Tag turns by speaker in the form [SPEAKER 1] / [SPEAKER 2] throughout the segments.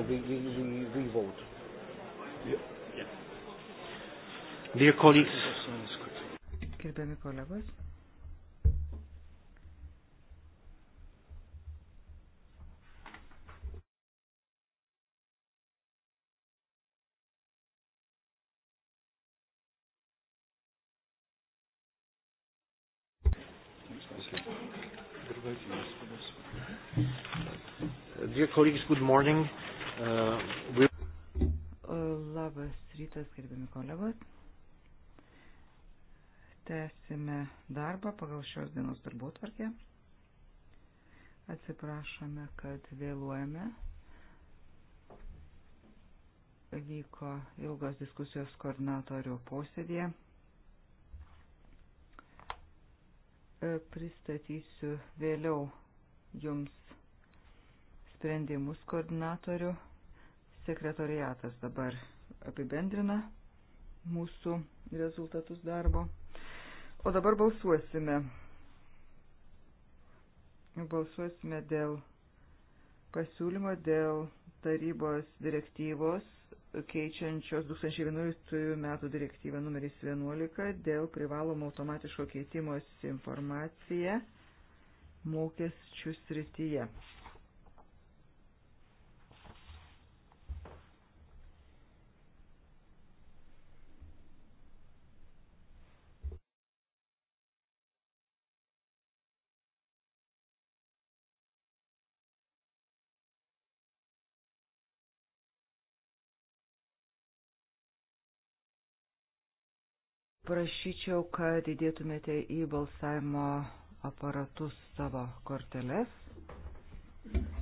[SPEAKER 1] so we, we, we, we vote. Yeah. Yeah. Dear colleagues.
[SPEAKER 2] Gerbiami kolegos.
[SPEAKER 1] Dear colleagues, good morning. Uh, Labas rytas,
[SPEAKER 2] gerbiami kolegos. Tęsime darbą pagal šios dienos darbų tvarkę. Atsiprašome, kad vėluojame. Vyko ilgos diskusijos koordinatorių posėdėje. E, pristatysiu vėliau jums sprendimus koordinatorių Sekretoriatas dabar apibendrina mūsų rezultatus darbo. O dabar balsuosime. Balsuosime dėl pasiūlymo dėl tarybos direktyvos keičiančios 2011 metų direktyvą numeris 11 dėl privalomo automatiško keitimos informacija mokesčių srityje. prašyčiau, kad įdėtumėte į balsavimo aparatus savo korteles. Thank you.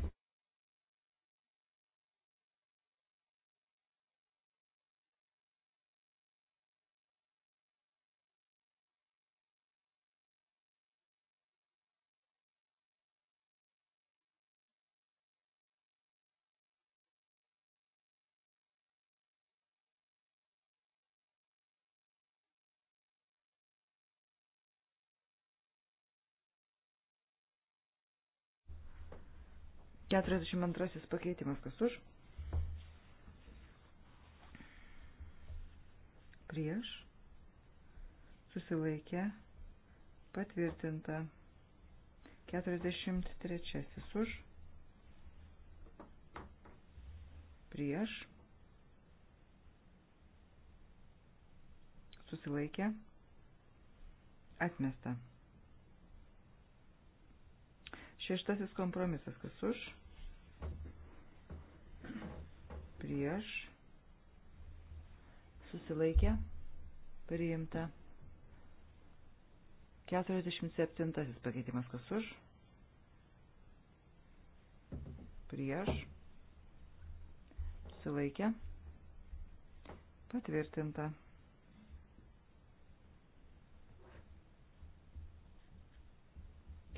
[SPEAKER 2] 42 pakeitimas kas už? Prieš. Susilaikė. Patvirtinta. 43 už. Prieš. Susilaikė. Atmesta. Šeštasis kompromisas. Kas už? Prieš. Susilaikė. Priimta. 47 pakeitimas. Kas už? Prieš. Susilaikė. Patvirtinta.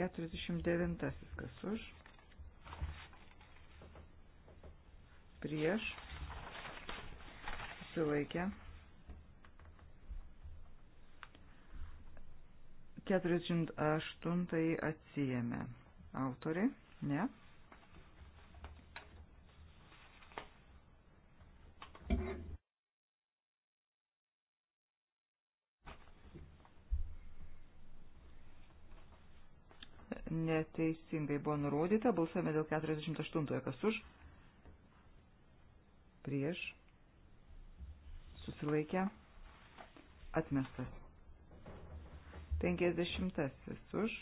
[SPEAKER 2] 49 kas už, prieš, susilaikė. 48 atsijėmė autoriai, ne. teisingai buvo nurodyta, balsuojame dėl 48, kas už, prieš, susilaikę, atmestas. 50 už,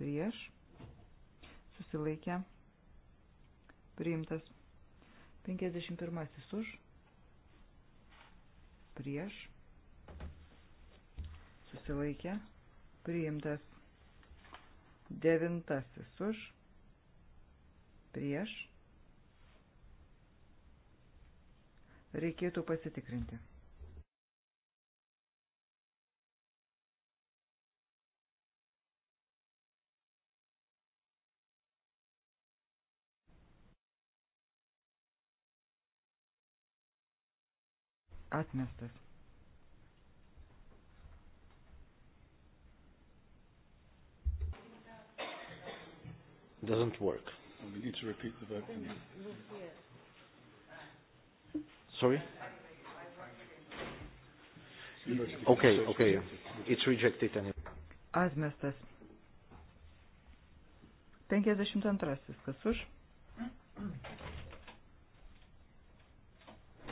[SPEAKER 2] prieš, susilaikę, priimtas. 51 už, prieš, susilaikę, atmestas priimtas. Devintasis už, prieš. Reikėtų pasitikrinti. Atmestas.
[SPEAKER 3] doesn't work. Well, oh, we need to repeat the vote. Sorry? Okay, okay.
[SPEAKER 1] It's rejected anyway.
[SPEAKER 2] Atmestas. 52. Kas už?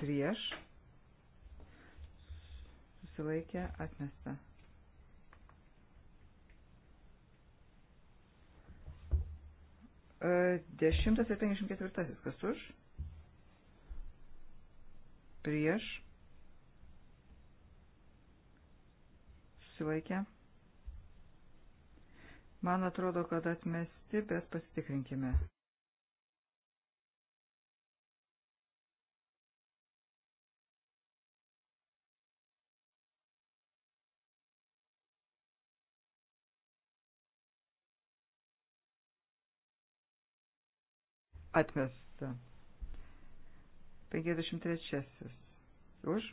[SPEAKER 2] Prieš. Susilaikė atmestą. 10 ir 54. Kas už? Prieš. Susilaikę. Man atrodo, kad atmesti, bet pasitikrinkime. Atmesta. 53. Už.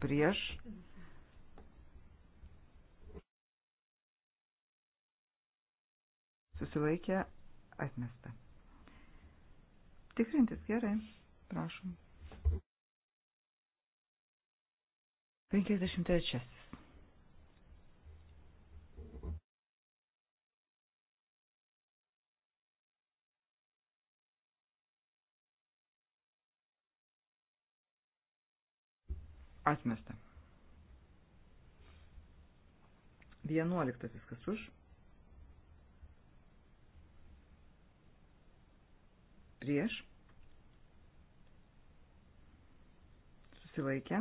[SPEAKER 2] Prieš. Susilaikė atmesta. Tikrintis gerai. Prašom. 53. Atmesta. Vienuoliktasis kas už. Prieš. Susilaikė.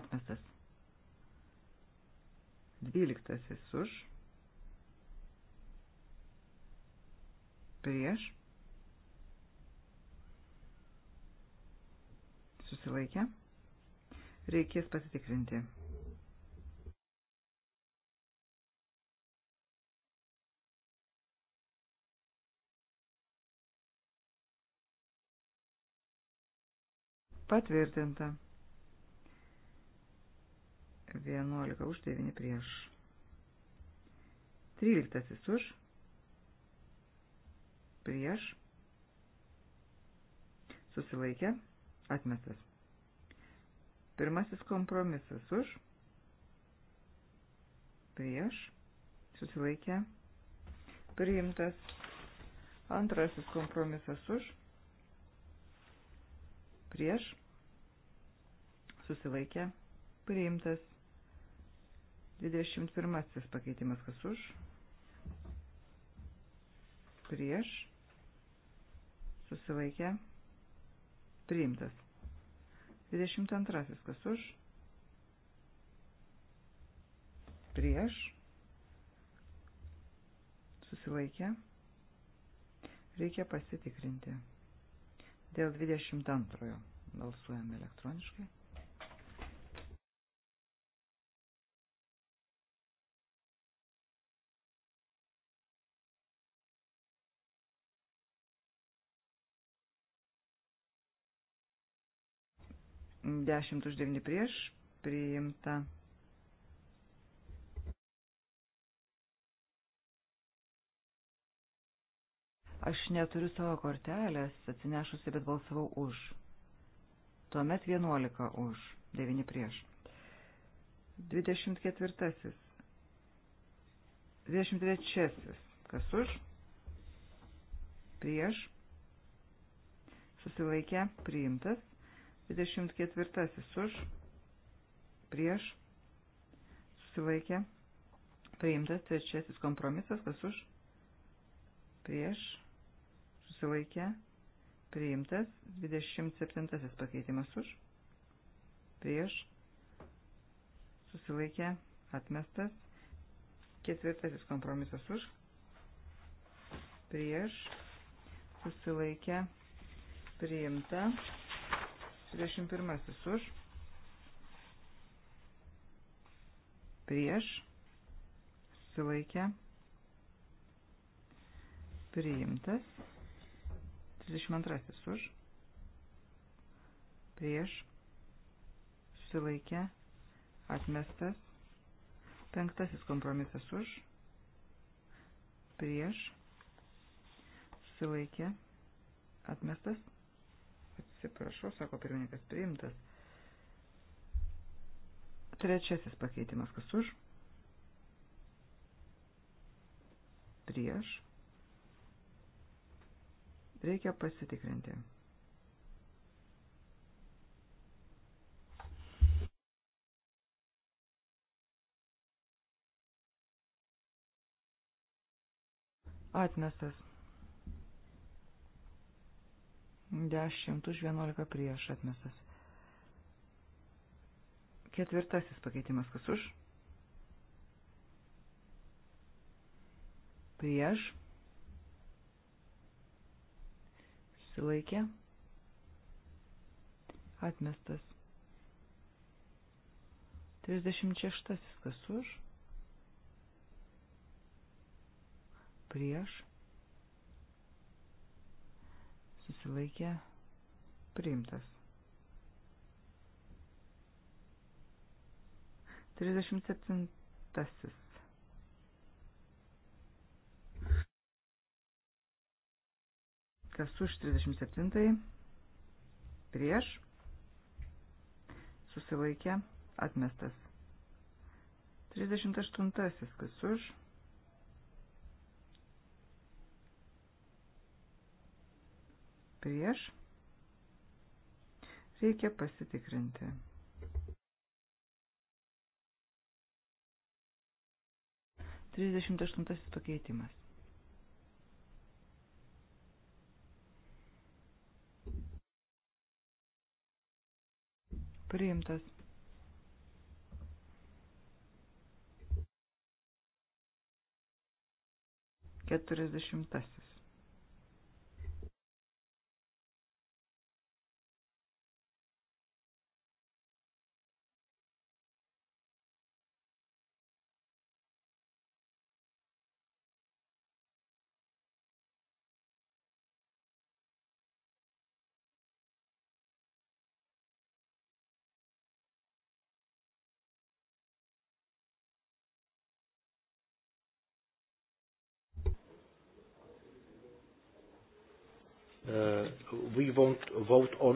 [SPEAKER 2] Atmestas. Dvyliktasis už. Prieš. susilaikė. Reikės pasitikrinti. Patvirtinta. 11 už 9 prieš. 13 už. Prieš. Susilaikė atmestas. Pirmasis kompromisas už, prieš, susilaikė, priimtas. Antrasis kompromisas už, prieš, susilaikė, priimtas. 21 pakeitimas kas už, prieš, susilaikė, priimtas. 22. Kas už? Prieš. Susilaikė. Reikia pasitikrinti. Dėl 22. Balsuojame elektroniškai. 10 už 9 prieš priimta. Aš neturiu savo kortelės atsinešusi, bet balsavau už. Tuomet 11 už, 9 prieš. 24. 23. Kas už? Prieš. Susilaikė, priimtas. 24 už, prieš, susilaikė, priimtas trečiasis kompromisas, kas už, prieš, susilaikė, priimtas 27 pakeitimas už, prieš, susilaikė, atmestas, ketvirtasis kompromisas už, prieš, susilaikė, priimta. 21 už. Prieš. Silaikę. Priimtas. 32 už. Prieš. Silaikę. Atmestas. Penktasis kompromisas už. Prieš. Silaikę. Atmestas sako pirmininkas, priimtas. Trečiasis pakeitimas, kas už? Prieš. Reikia pasitikrinti. Atmestas. 10 už 11 prieš atmestas. Ketvirtasis pakeitimas kas už? Prieš. Silaikė. Atmestas. 36 kas už? Prieš susilaikė priimtas. 37. Kas už 37. Prieš susilaikė atmestas. 38. Kas už prieš. Reikia pasitikrinti. Trisdešimt aštuntasis pakeitimas. Priimtas. Keturiasdešimtasis.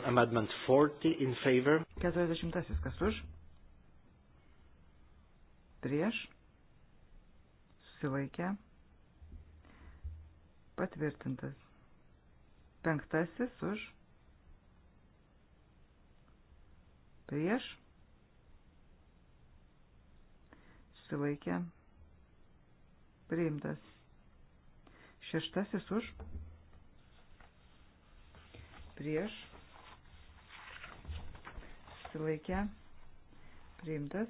[SPEAKER 1] on amendment 40 in favor.
[SPEAKER 2] 40. Kas už? Prieš. Susilaikę. Patvirtintas. Penktasis už. Prieš. Susilaikę. Priimtas. Šeštasis už prieš susilaikė priimtas.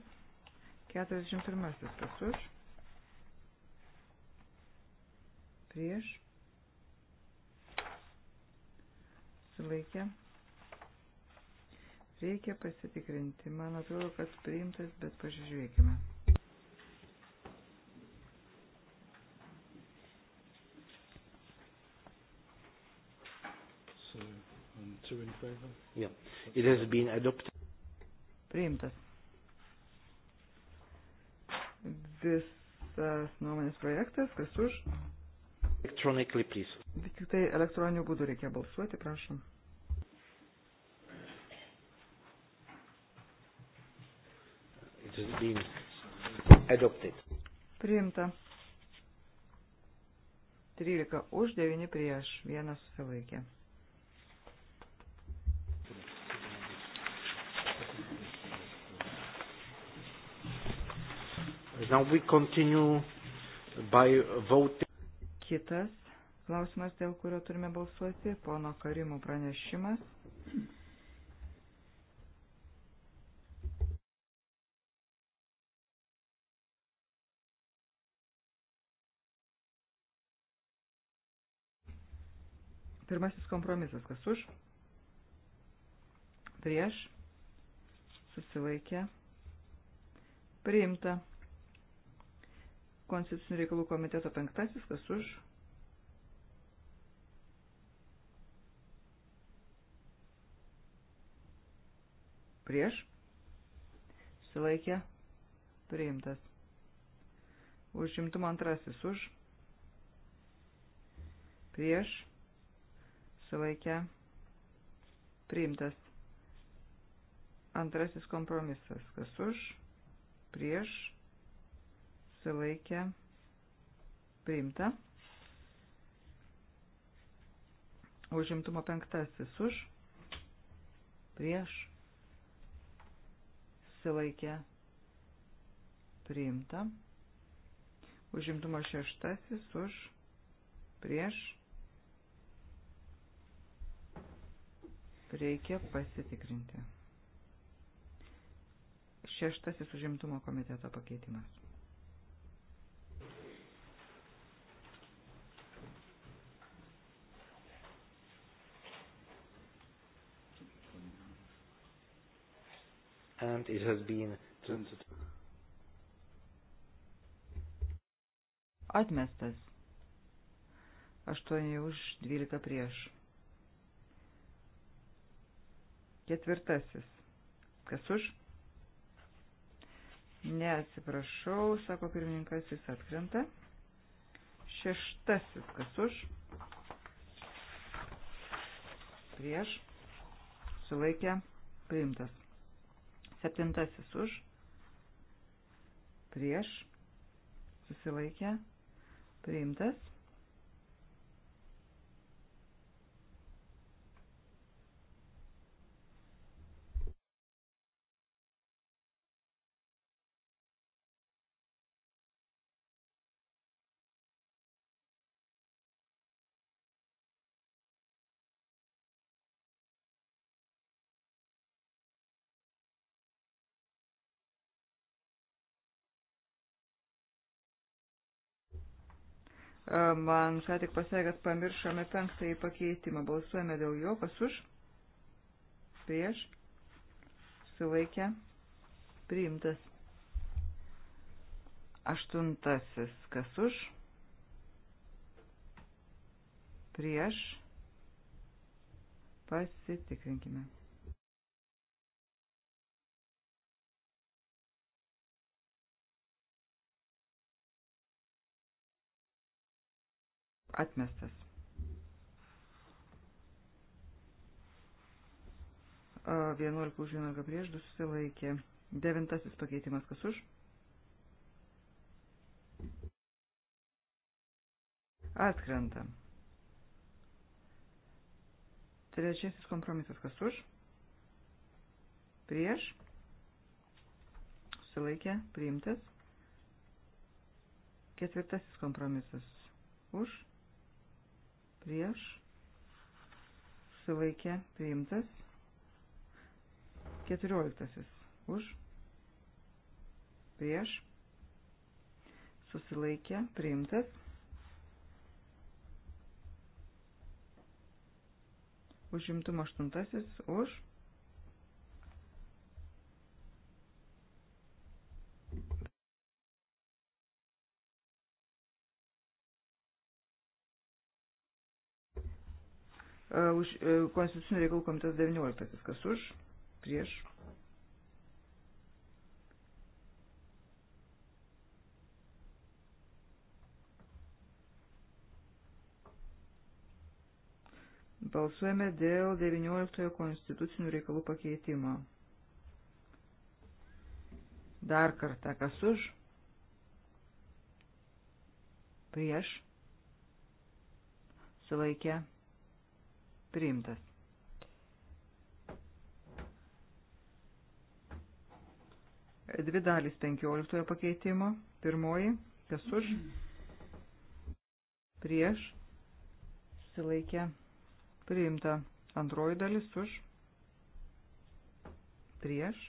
[SPEAKER 2] 41 kas už. Prieš. Sulaikė. Reikia pasitikrinti. Man atrodo, kad priimtas, bet pažiūrėkime.
[SPEAKER 1] So, um, two in favor? Yeah. It has been adopted
[SPEAKER 2] priimtas. Visas nuomonės projektas, kas už?
[SPEAKER 1] Electronically, please.
[SPEAKER 2] Bet tik tai elektroniniu būdu reikia balsuoti, prašom.
[SPEAKER 1] It has been adopted.
[SPEAKER 2] Priimta. 13 už, 9 prieš, vienas susilaikė.
[SPEAKER 1] Now we continue by voting. Kitas
[SPEAKER 2] klausimas, dėl kurio turime balsuoti, pono Karimų pranešimas. Pirmasis kompromisas, kas už, prieš, susilaikė, priimta. Konstitucinių reikalų komiteto penktasis, kas už. Prieš. Silaikė. Priimtas. Užimtumo antrasis už. Prieš. Silaikė. Priimtas. Antrasis kompromisas. Kas už. Prieš susilaikė priimta. Užimtumo penktasis už, prieš, susilaikė priimta. Užimtumo šeštasis už, prieš, reikia pasitikrinti. Šeštasis užimtumo komiteto pakeitimas.
[SPEAKER 1] and it has been transited.
[SPEAKER 2] Atmestas. 8 už 12 prieš. Ketvirtasis. Kas už? Neatsiprašau, sako pirmininkas, jis atkrenta. Šeštasis. Kas už? Prieš. Sulaikė. Priimtas. Septintasis už, prieš, susilaikę, priimtas. Man ką tik pasakė, kad pamiršome penktąjį pakeitimą. Balsuojame dėl jo. Kas už? Prieš. Suvaikę. Priimtas. Aštuntasis. Kas už? Prieš. Pasitikrinkime. Atmestas. Vienuolika už vienuolika prieš du susilaikė. Devintasis pakeitimas kas už? Atkrenta. Trečiasis kompromisas kas už? Prieš. Susilaikė. Priimtas. Ketvirtasis kompromisas už prieš, susilaikė priimtas, keturioliktasis už, prieš, susilaikė priimtas, užimtum aštuntasis už, už konstitucinių reikalų komitetas 19. Tai kas už? Prieš. Balsuojame dėl 19 konstitucinių reikalų pakeitimo. Dar kartą, kas už? Prieš. Sulaikę priimtas. Dvi dalys 15 pakeitimo. Pirmoji, kas už, prieš, silaikė, priimta. Antroji dalis už, prieš,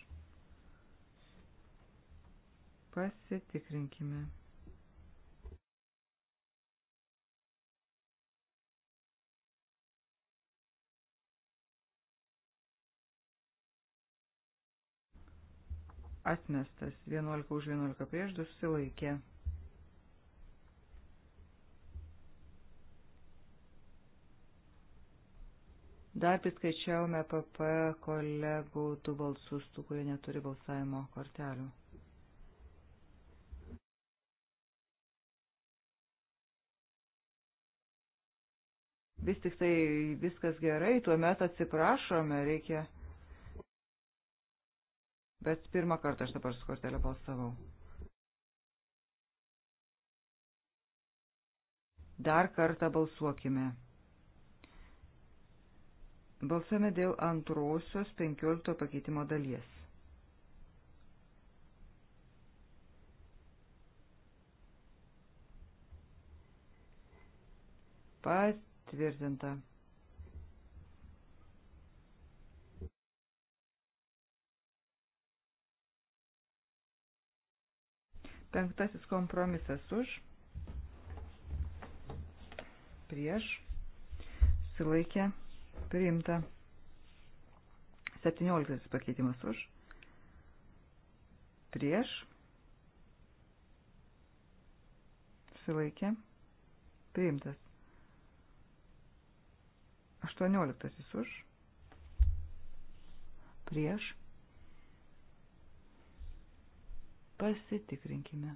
[SPEAKER 2] pasitikrinkime. atmestas, 11 už 11 prieš 2 susilaikė. Dar priskaičiavome PP kolegų du balsus, tų, kurie neturi balsavimo kortelių. Vis tik tai viskas gerai, tuomet atsiprašome, reikia bet pirmą kartą aš dabar su kortelė balsavau. Dar kartą balsuokime. Balsame dėl antrosios 15 pakeitimo dalies. Patvirtinta. Penktasis kompromisas už, prieš, silaikė, priimta. Septynioliktasis pakeitimas už, prieš, silaikė, priimtas. Aštuonioliktasis už, prieš, Pasitikrinkime.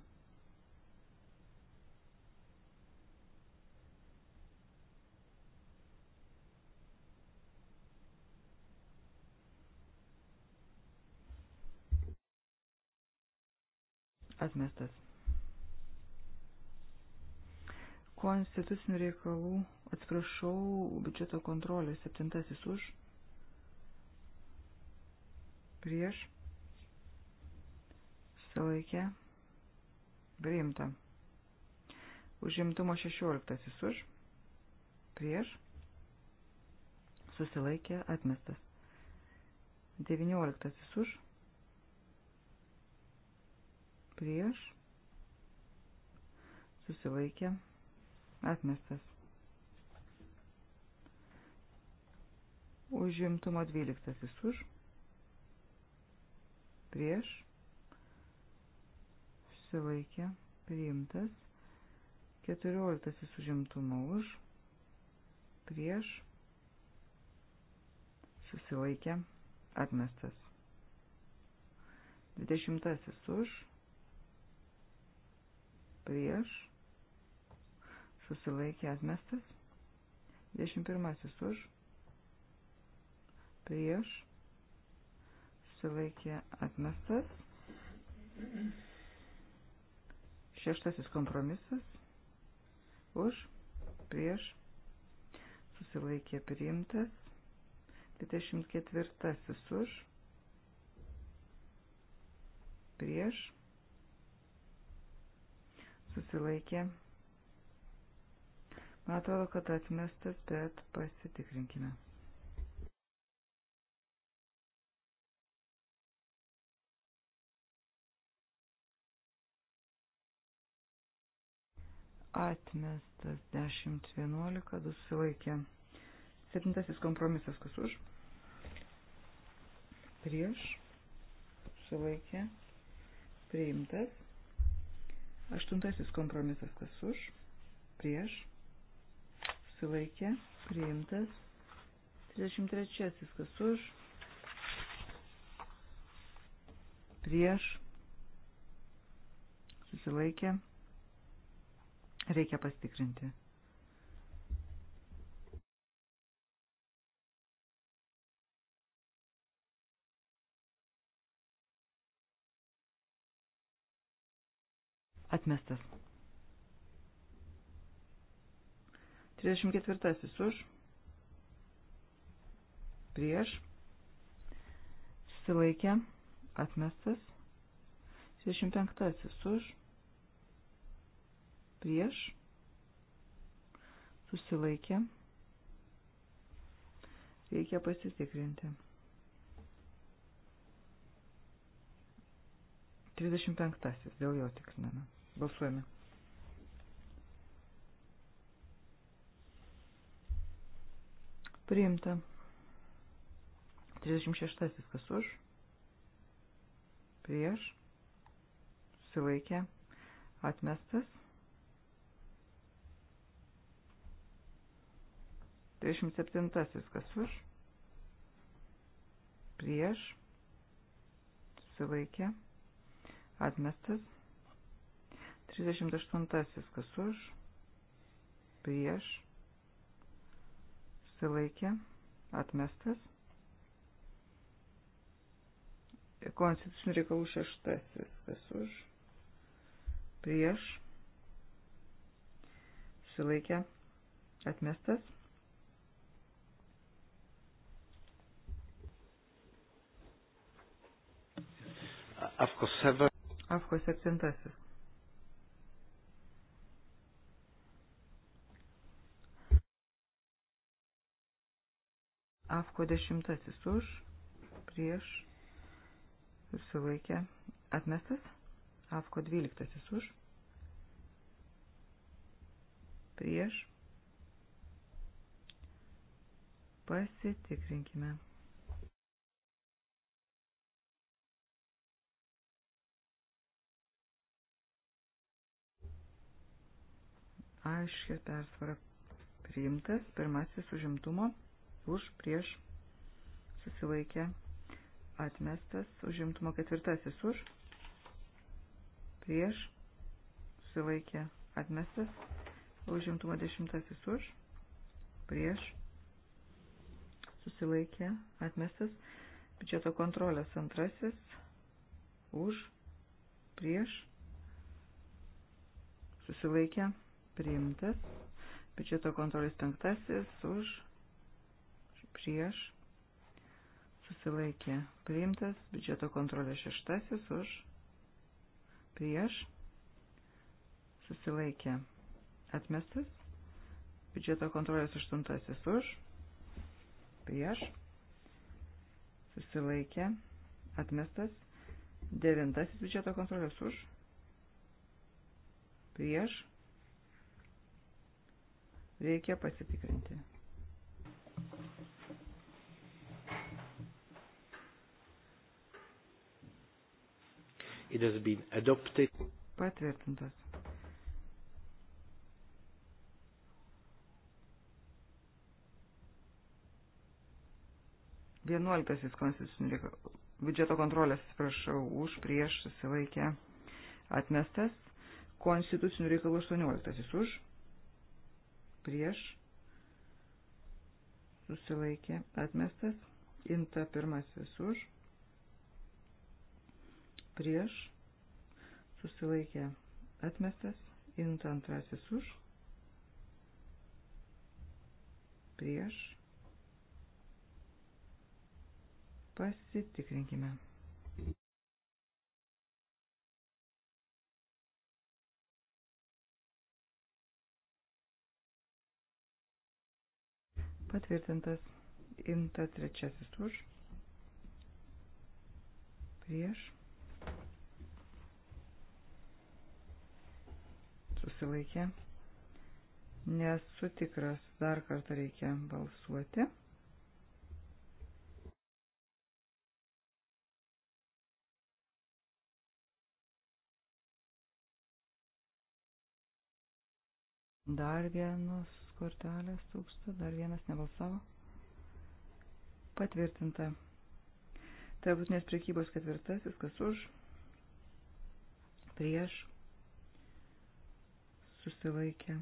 [SPEAKER 2] Atmestas. Konstitucinių reikalų, atsiprašau, biudžeto kontrolė, septintasis už, prieš, susilaikė priimta. Užimtumo 16 už, prieš, susilaikė atmestas. 19 už, prieš, susilaikė atmestas. Užimtumo 12 už, prieš, susilaikė, priimtas. 14 užimtumo už, prieš, susilaikė, atmestas. 20 už, prieš, susilaikė, atmestas. 21 už, prieš, susilaikė, atmestas. Šeštasis kompromisas. Už, prieš, susilaikė priimtas. 24 už, prieš, susilaikė. Man atrodo, kad atmestas, bet pasitikrinkime. atmestas 10.11 du sulaikė. Septintasis kompromisas kas už? Prieš sulaikė. Priimtas. Aštuntasis kompromisas kas už? Prieš sulaikė. Priimtas. 33 kas už? Prieš susilaikė Reikia pastikrinti. Atmestas. 34 už. Prieš. Susilaikė. Atmestas. 35 už prieš, susilaikė, reikia pasitikrinti. 35. Dėl jo tikriname. Balsuojame. Priimta. 36. Kas už? Prieš. Susilaikė. Atmestas. 27. Kas už? Prieš. Susilaikė. Atmestas. 38. Kas už? Prieš. Susilaikė. Atmestas. Konstitucinių reikalų šeštasis. Kas už? Prieš. Susilaikė. Atmestas.
[SPEAKER 1] Afko 7. Afko 7.
[SPEAKER 2] Afko 10 už, prieš, susilaikė, atmestas. Afko 12 už, prieš, pasitikrinkime. aiškia persvara priimtas, pirmasis užimtumo už prieš susilaikę atmestas, užimtumo ketvirtasis už prieš susilaikę atmestas, užimtumo dešimtasis už prieš susilaikę atmestas, biudžeto kontrolės antrasis už prieš susilaikę atmestas priimtas. Biudžeto kontrolės penktasis už prieš susilaikė priimtas. Biudžeto kontrolės šeštasis už prieš susilaikė atmestas. Biudžeto kontrolės aštuntasis už prieš susilaikė atmestas. Devintasis biudžeto kontrolės už prieš Reikia pasitikrinti.
[SPEAKER 1] It has been adopted.
[SPEAKER 2] Patvirtintas. Vienuoliktasis konstitucinio biudžeto kontrolės, atsiprašau, už prieš susilaikę atmestas. Konstitucinių reikalų 18 už prieš, susilaikė, atmestas, inta pirmasis už, prieš, susilaikė, atmestas, inta antrasis už, prieš, pasitikrinkime. Patvirtintas inta trečiasis už. Prieš. Susilaikė. Nesu tikras, dar kartą reikia balsuoti. Dar vienas kortelės trūksta, dar vienas nebalsavo. Patvirtinta. Tarptautinės priekybos ketvirtasis, kas už, prieš, susilaikė.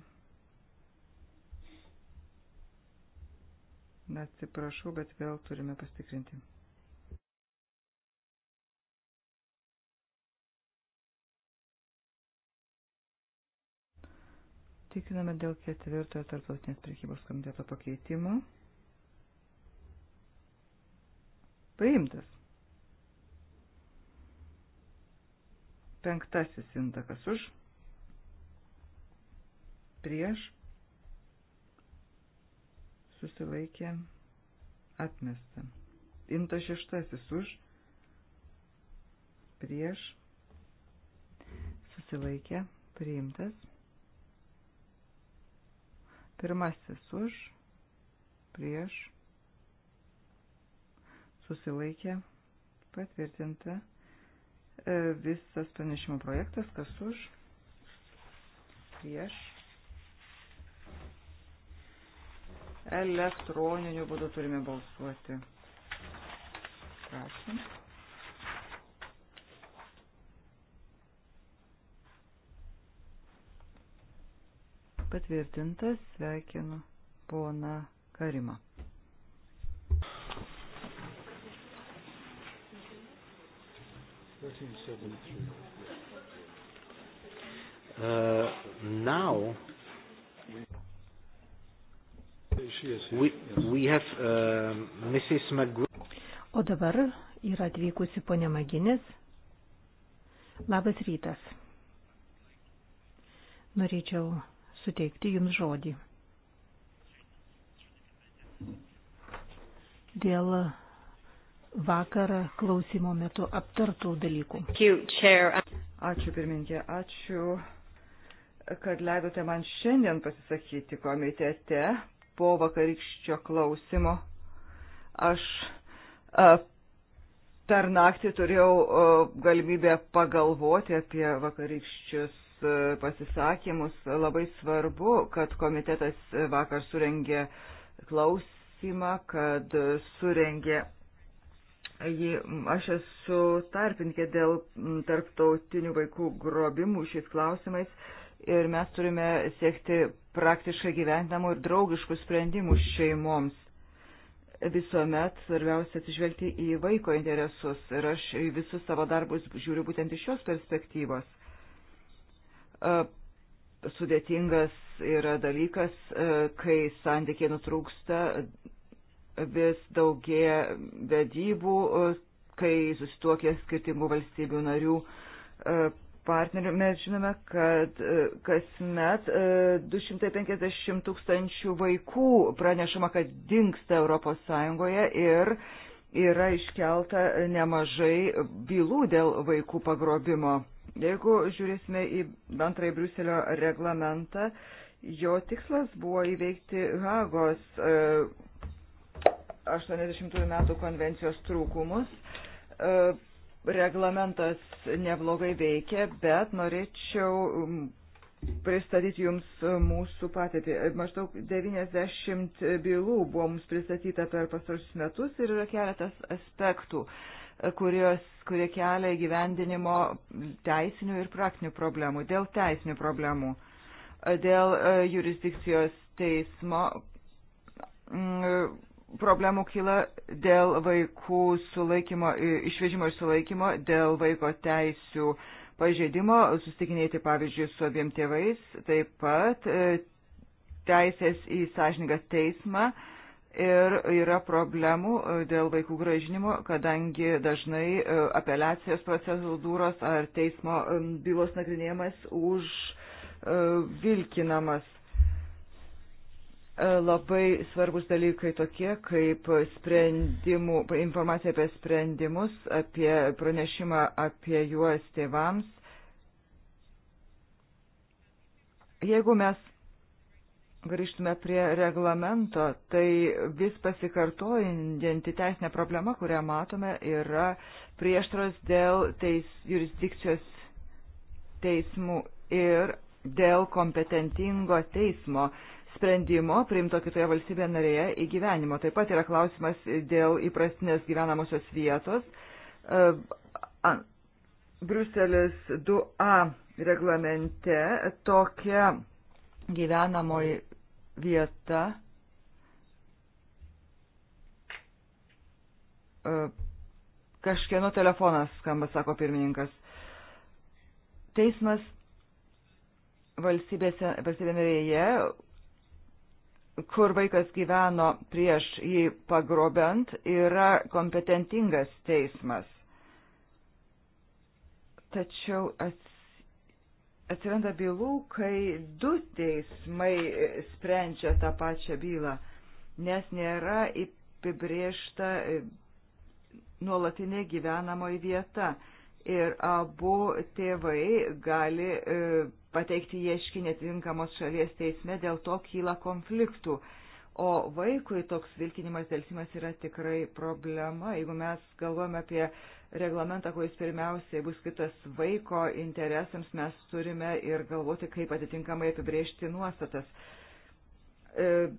[SPEAKER 2] Atsiprašau, bet vėl turime pastikrinti. Tikiname dėl ketvirtojo tarptautinės prekybos komiteto pakeitimo. Paimtas. Penktasis intakas už. Prieš. Susilaikė. Atmesta. Intas šeštasis už. Prieš. Susilaikė. Priimtas. Pirmasis už, prieš, susilaikė, patvirtinta e, visas pranešimo projektas, kas už, prieš. Elektroniniu būdu turime balsuoti. Prašom. patvirtintas, sveikinu poną Karimą.
[SPEAKER 3] Uh, now we,
[SPEAKER 1] we have uh, Mrs. McGr
[SPEAKER 4] o dabar yra atvykusi ponia Maginis. Labas rytas. Norėčiau suteikti Jums žodį. Dėl vakarą klausimo metu aptartų dalykų.
[SPEAKER 2] Ačiū pirmininkė, ačiū, kad leidote man šiandien pasisakyti komitete po vakarykščio klausimo. Aš a, per naktį turėjau galimybę pagalvoti apie vakarykščius E, pasisakymus. Labai svarbu, kad komitetas vakar surengė klausimą, kad surengė jį. Aš esu tarpininkė dėl tarptautinių vaikų grobimų šiais klausimais ir mes turime siekti praktiškai gyventamų ir draugiškų sprendimų šeimoms visuomet svarbiausia atsižvelgti į vaiko interesus ir aš visus savo darbus žiūriu būtent iš šios perspektyvos. E, sudėtingas yra dalykas, e, kai santykiai nutrūksta, vis daugėja vedybų, e, kai susituokia skirtingų valstybių narių partnerių. Mes žinome, kad kasmet 250 tūkstančių vaikų pranešama, kad dinksta ES ir yra iškelta nemažai bylų dėl vaikų pagrobimo. Jeigu žiūrėsime į antrąjį Briuselio reglamentą, jo tikslas buvo įveikti Hagos 80 e, metų konvencijos trūkumus. E, reglamentas neblogai veikia, bet norėčiau pristatyti jums mūsų patirtį. E, maždaug 90 bylų buvo mums pristatyta per pastarus metus ir yra keletas aspektų, kurios, kurie kelia įgyvendinimo teisinių ir praktinių problemų, dėl teisinių problemų, dėl e, jurisdikcijos teismo problemų kyla dėl vaikų sulaikymo, išvežimo ir sulaikymo, dėl vaiko teisių pažeidimo, susitikinėti pavyzdžiui su abiem tėvais, taip pat e, teisės į sąžininką teismą, ir yra problemų e, dėl vaikų gražinimo, kadangi dažnai e, apeliacijos procedūros ar teismo e, bylos nagrinėjimas užvilkinamas. Labai svarbus dalykai tokie, kaip sprendimų, informacija apie sprendimus, apie pranešimą apie juos tėvams. Jeigu mes grįžtume prie reglamento, tai vis pasikartojanti teisinė problema, kurią matome, yra prieštros dėl teis, jurisdikcijos teismų ir dėl kompetentingo teismo sprendimo priimto kitoje valstybėje narėje įgyvenimo. Taip pat yra klausimas dėl įprastinės gyvenamosios vietos. E, Bruselis 2A reglamente tokia gyvenamoji vieta e, kažkieno telefonas skamba, sako pirmininkas. Teismas valstybėse, valstybė narėje, kur vaikas gyveno prieš jį pagrobent, yra kompetentingas teismas. Tačiau atsiprašau atsiranda bylų, kai du teismai sprendžia tą pačią bylą, nes nėra apibriešta e, nuolatinė gyvenamoji vieta. Ir abu tėvai gali e, pateikti ieškinį atinkamos šalies teisme, dėl to kyla konfliktų. O vaikui toks vilkinimas dėlsimas yra tikrai problema. Jeigu mes galvojame apie reglamentą, kuris pirmiausiai bus skirtas vaiko interesams, mes turime ir galvoti, kaip atitinkamai apibrėžti nuostatas. E,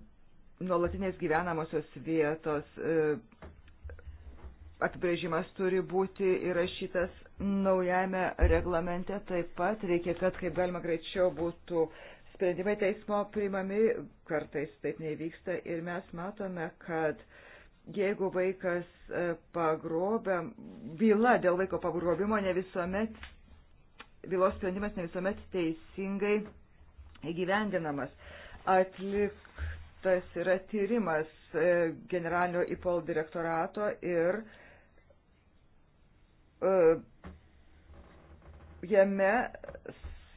[SPEAKER 2] nuolatinės gyvenamosios vietos e, apibrėžimas turi būti įrašytas naujame reglamente. Taip pat reikia, kad kaip galima greičiau būtų sprendimai teismo priimami, kartais taip nevyksta ir mes matome, kad e, jeigu vaikas e, pagrobia, byla dėl vaiko pagrobimo ne visuomet, bylos sprendimas ne visuomet teisingai įgyvendinamas. Atliktas yra tyrimas e, generalinio IPOL direktorato ir e, jame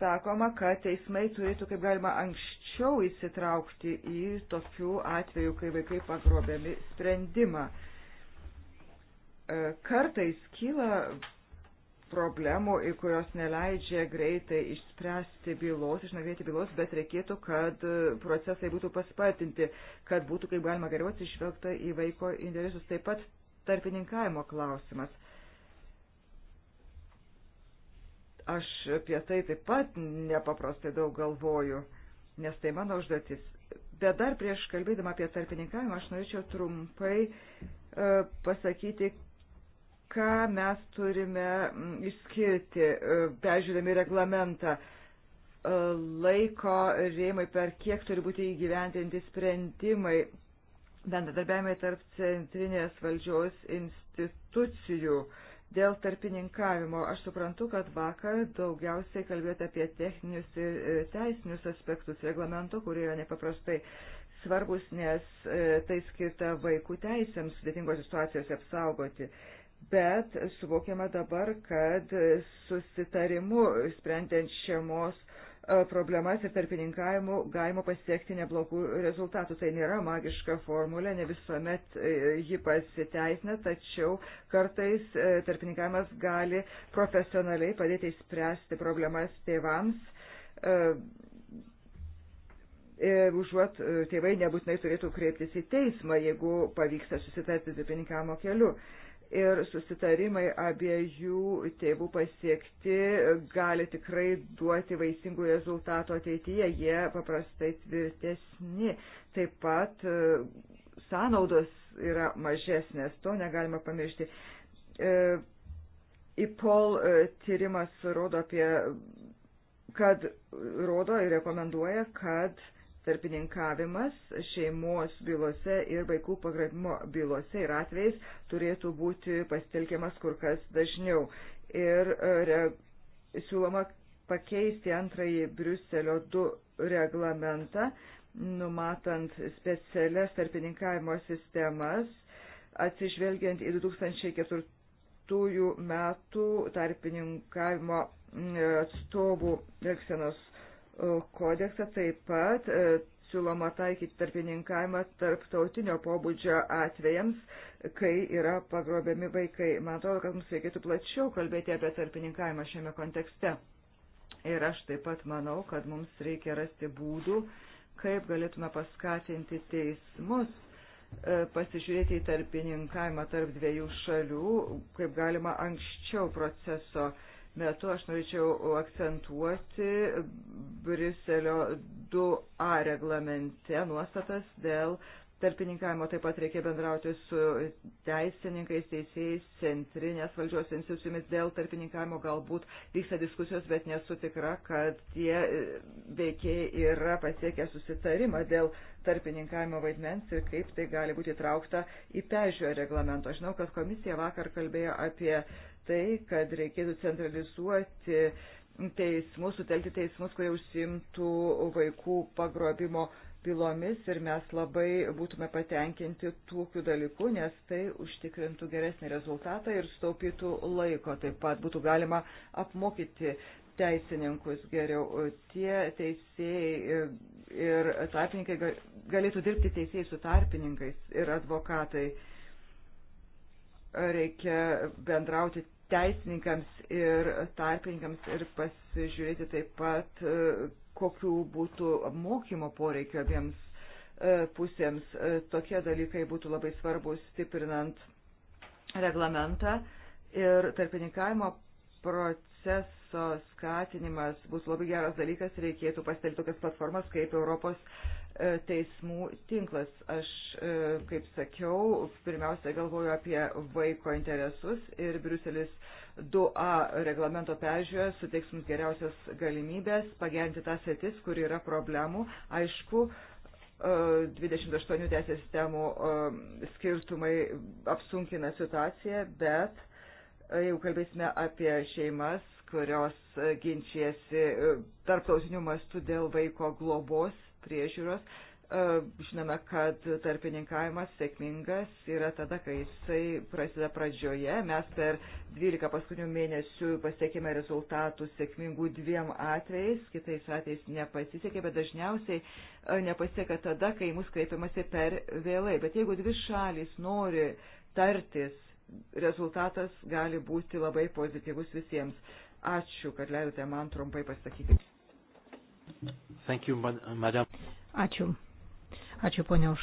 [SPEAKER 2] sakoma, kad teismai turėtų kaip galima anksčiau įsitraukti į tokių atvejų, kai vaikai pagrobiami sprendimą. E, kartais kyla problemų, į kurios neleidžia greitai išspręsti bylos, išnagrinėti bylos, bet reikėtų, kad procesai būtų paspartinti, kad būtų kaip galima geriau atsižvelgta į vaiko interesus. Taip pat tarpininkavimo klausimas. Aš apie tai taip pat nepaprastai daug galvoju, nes tai mano užduotis. Bet dar prieš kalbėdama apie tarpininkavimą, aš norėčiau trumpai e, pasakyti, ką mes turime išskirti, e, peržiūrėdami reglamentą. E, laiko rėmai, per kiek turi būti įgyvendinti sprendimai, bendradarbiavimai tarp centrinės valdžios institucijų. Uh, Dėl tarpininkavimo aš suprantu, kad vakar daugiausiai kalbėjote apie techninius ir e, teisinius aspektus reglamento, kurie yra nepaprastai svarbus, nes e, tai skirta vaikų teisėms sudėtingos situacijos apsaugoti. Bet suvokiama dabar, kad susitarimu sprendžiant šeimos E, problemas ir tarpininkavimu galima pasiekti neblogų rezultatų. Tai nėra magiška formulė, ne visuomet e, ji pasiteisina, tačiau kartais e, tarpininkavimas gali profesionaliai padėti išspręsti problemas tėvams. Ir užuot tėvai nebūtinai turėtų kreiptis į teismą, jeigu pavyksta susitarti tarpininkavimo keliu ir susitarimai abiejų tėvų pasiekti gali tikrai duoti vaisingų rezultatų ateityje, jie paprastai tvirtesni. Taip pat e, sąnaudos yra mažesnės, to negalima pamiršti. E, IPOL e, tyrimas rodo apie, kad rodo ir rekomenduoja, kad tarpininkavimas šeimos bylose ir vaikų pagrabimo bylose ir atvejais turėtų būti pasitelkiamas kur kas dažniau. Ir e, re, siūloma pakeisti antrąjį Briuselio 2 reglamentą, numatant specialias tarpininkavimo sistemas, atsižvelgiant į 2004 metų tarpininkavimo atstovų elgsenos kodeksą taip pat e, siūloma taikyti tarpininkavimą tarptautinio pobūdžio atvejams, kai yra pagrobiami vaikai. Man atrodo, kad mums reikėtų plačiau kalbėti apie tarpininkavimą šiame kontekste. Ir aš taip pat manau, kad mums reikia rasti būdų, kaip galėtume paskatinti teismus e, pasižiūrėti į tarpininkavimą tarp dviejų šalių, kaip galima anksčiau proceso uh, metu aš norėčiau akcentuoti Briuselio 2A reglamente nuostatas dėl tarpininkavimo. Taip pat reikia bendrauti su teisininkais, teisėjais, centrinės valdžios institucijomis dėl tarpininkavimo. Galbūt vyksta diskusijos, bet nesu tikra, kad tie veikiai yra pasiekę susitarimą dėl tarpininkavimo vaidmens ir kaip tai gali būti traukta į pežio reglamento. Žinau, kad komisija vakar kalbėjo apie tai, kad reikėtų centralizuoti teismus, sutelkti teismus, kurie užsimtų vaikų pagrobimo bylomis ir mes labai būtume patenkinti tokiu dalyku, nes tai užtikrintų geresnį rezultatą ir staupytų laiko. Taip pat būtų galima apmokyti teisininkus geriau. Tie teisėjai ir tarpininkai galėtų dirbti teisėjai su tarpininkais ir advokatai reikia bendrauti teisininkams ir tarpininkams ir pasižiūrėti taip pat, e, kokių būtų mokymo poreikio abiems e, pusėms. E, tokie dalykai būtų labai svarbus stiprinant reglamentą ir tarpininkavimo proceso skatinimas bus labai geras dalykas, reikėtų pastelti tokias platformas kaip Europos E, teismų tinklas. Aš, e, kaip sakiau, pirmiausia galvoju apie vaiko interesus ir Briuselis 2A reglamento peržiūrė suteiks mums geriausias galimybės pagerinti tas sėtis, kur yra problemų. Aišku, 28 e, teisės sistemų skirtumai apsunkina situaciją, bet jau kalbėsime apie šeimas, kurios ginčiasi tarptautiniu mastu dėl vaiko globos priežiūros. E, žinome, kad tarpininkavimas sėkmingas yra tada, kai jisai prasideda pradžioje. Mes per 12 paskutinių mėnesių pasiekėme rezultatų sėkmingų dviem atvejais, kitais atvejais nepasisekė, bet dažniausiai e, nepasieka tada, kai mus kreipiamasi per vėlai. Bet jeigu dvi šalis nori tartis, rezultatas gali būti labai pozityvus visiems. Ačiū, kad leidote man trumpai pasakyti.
[SPEAKER 4] Thank you, madam. Ačiū. Ačiū, ponia, už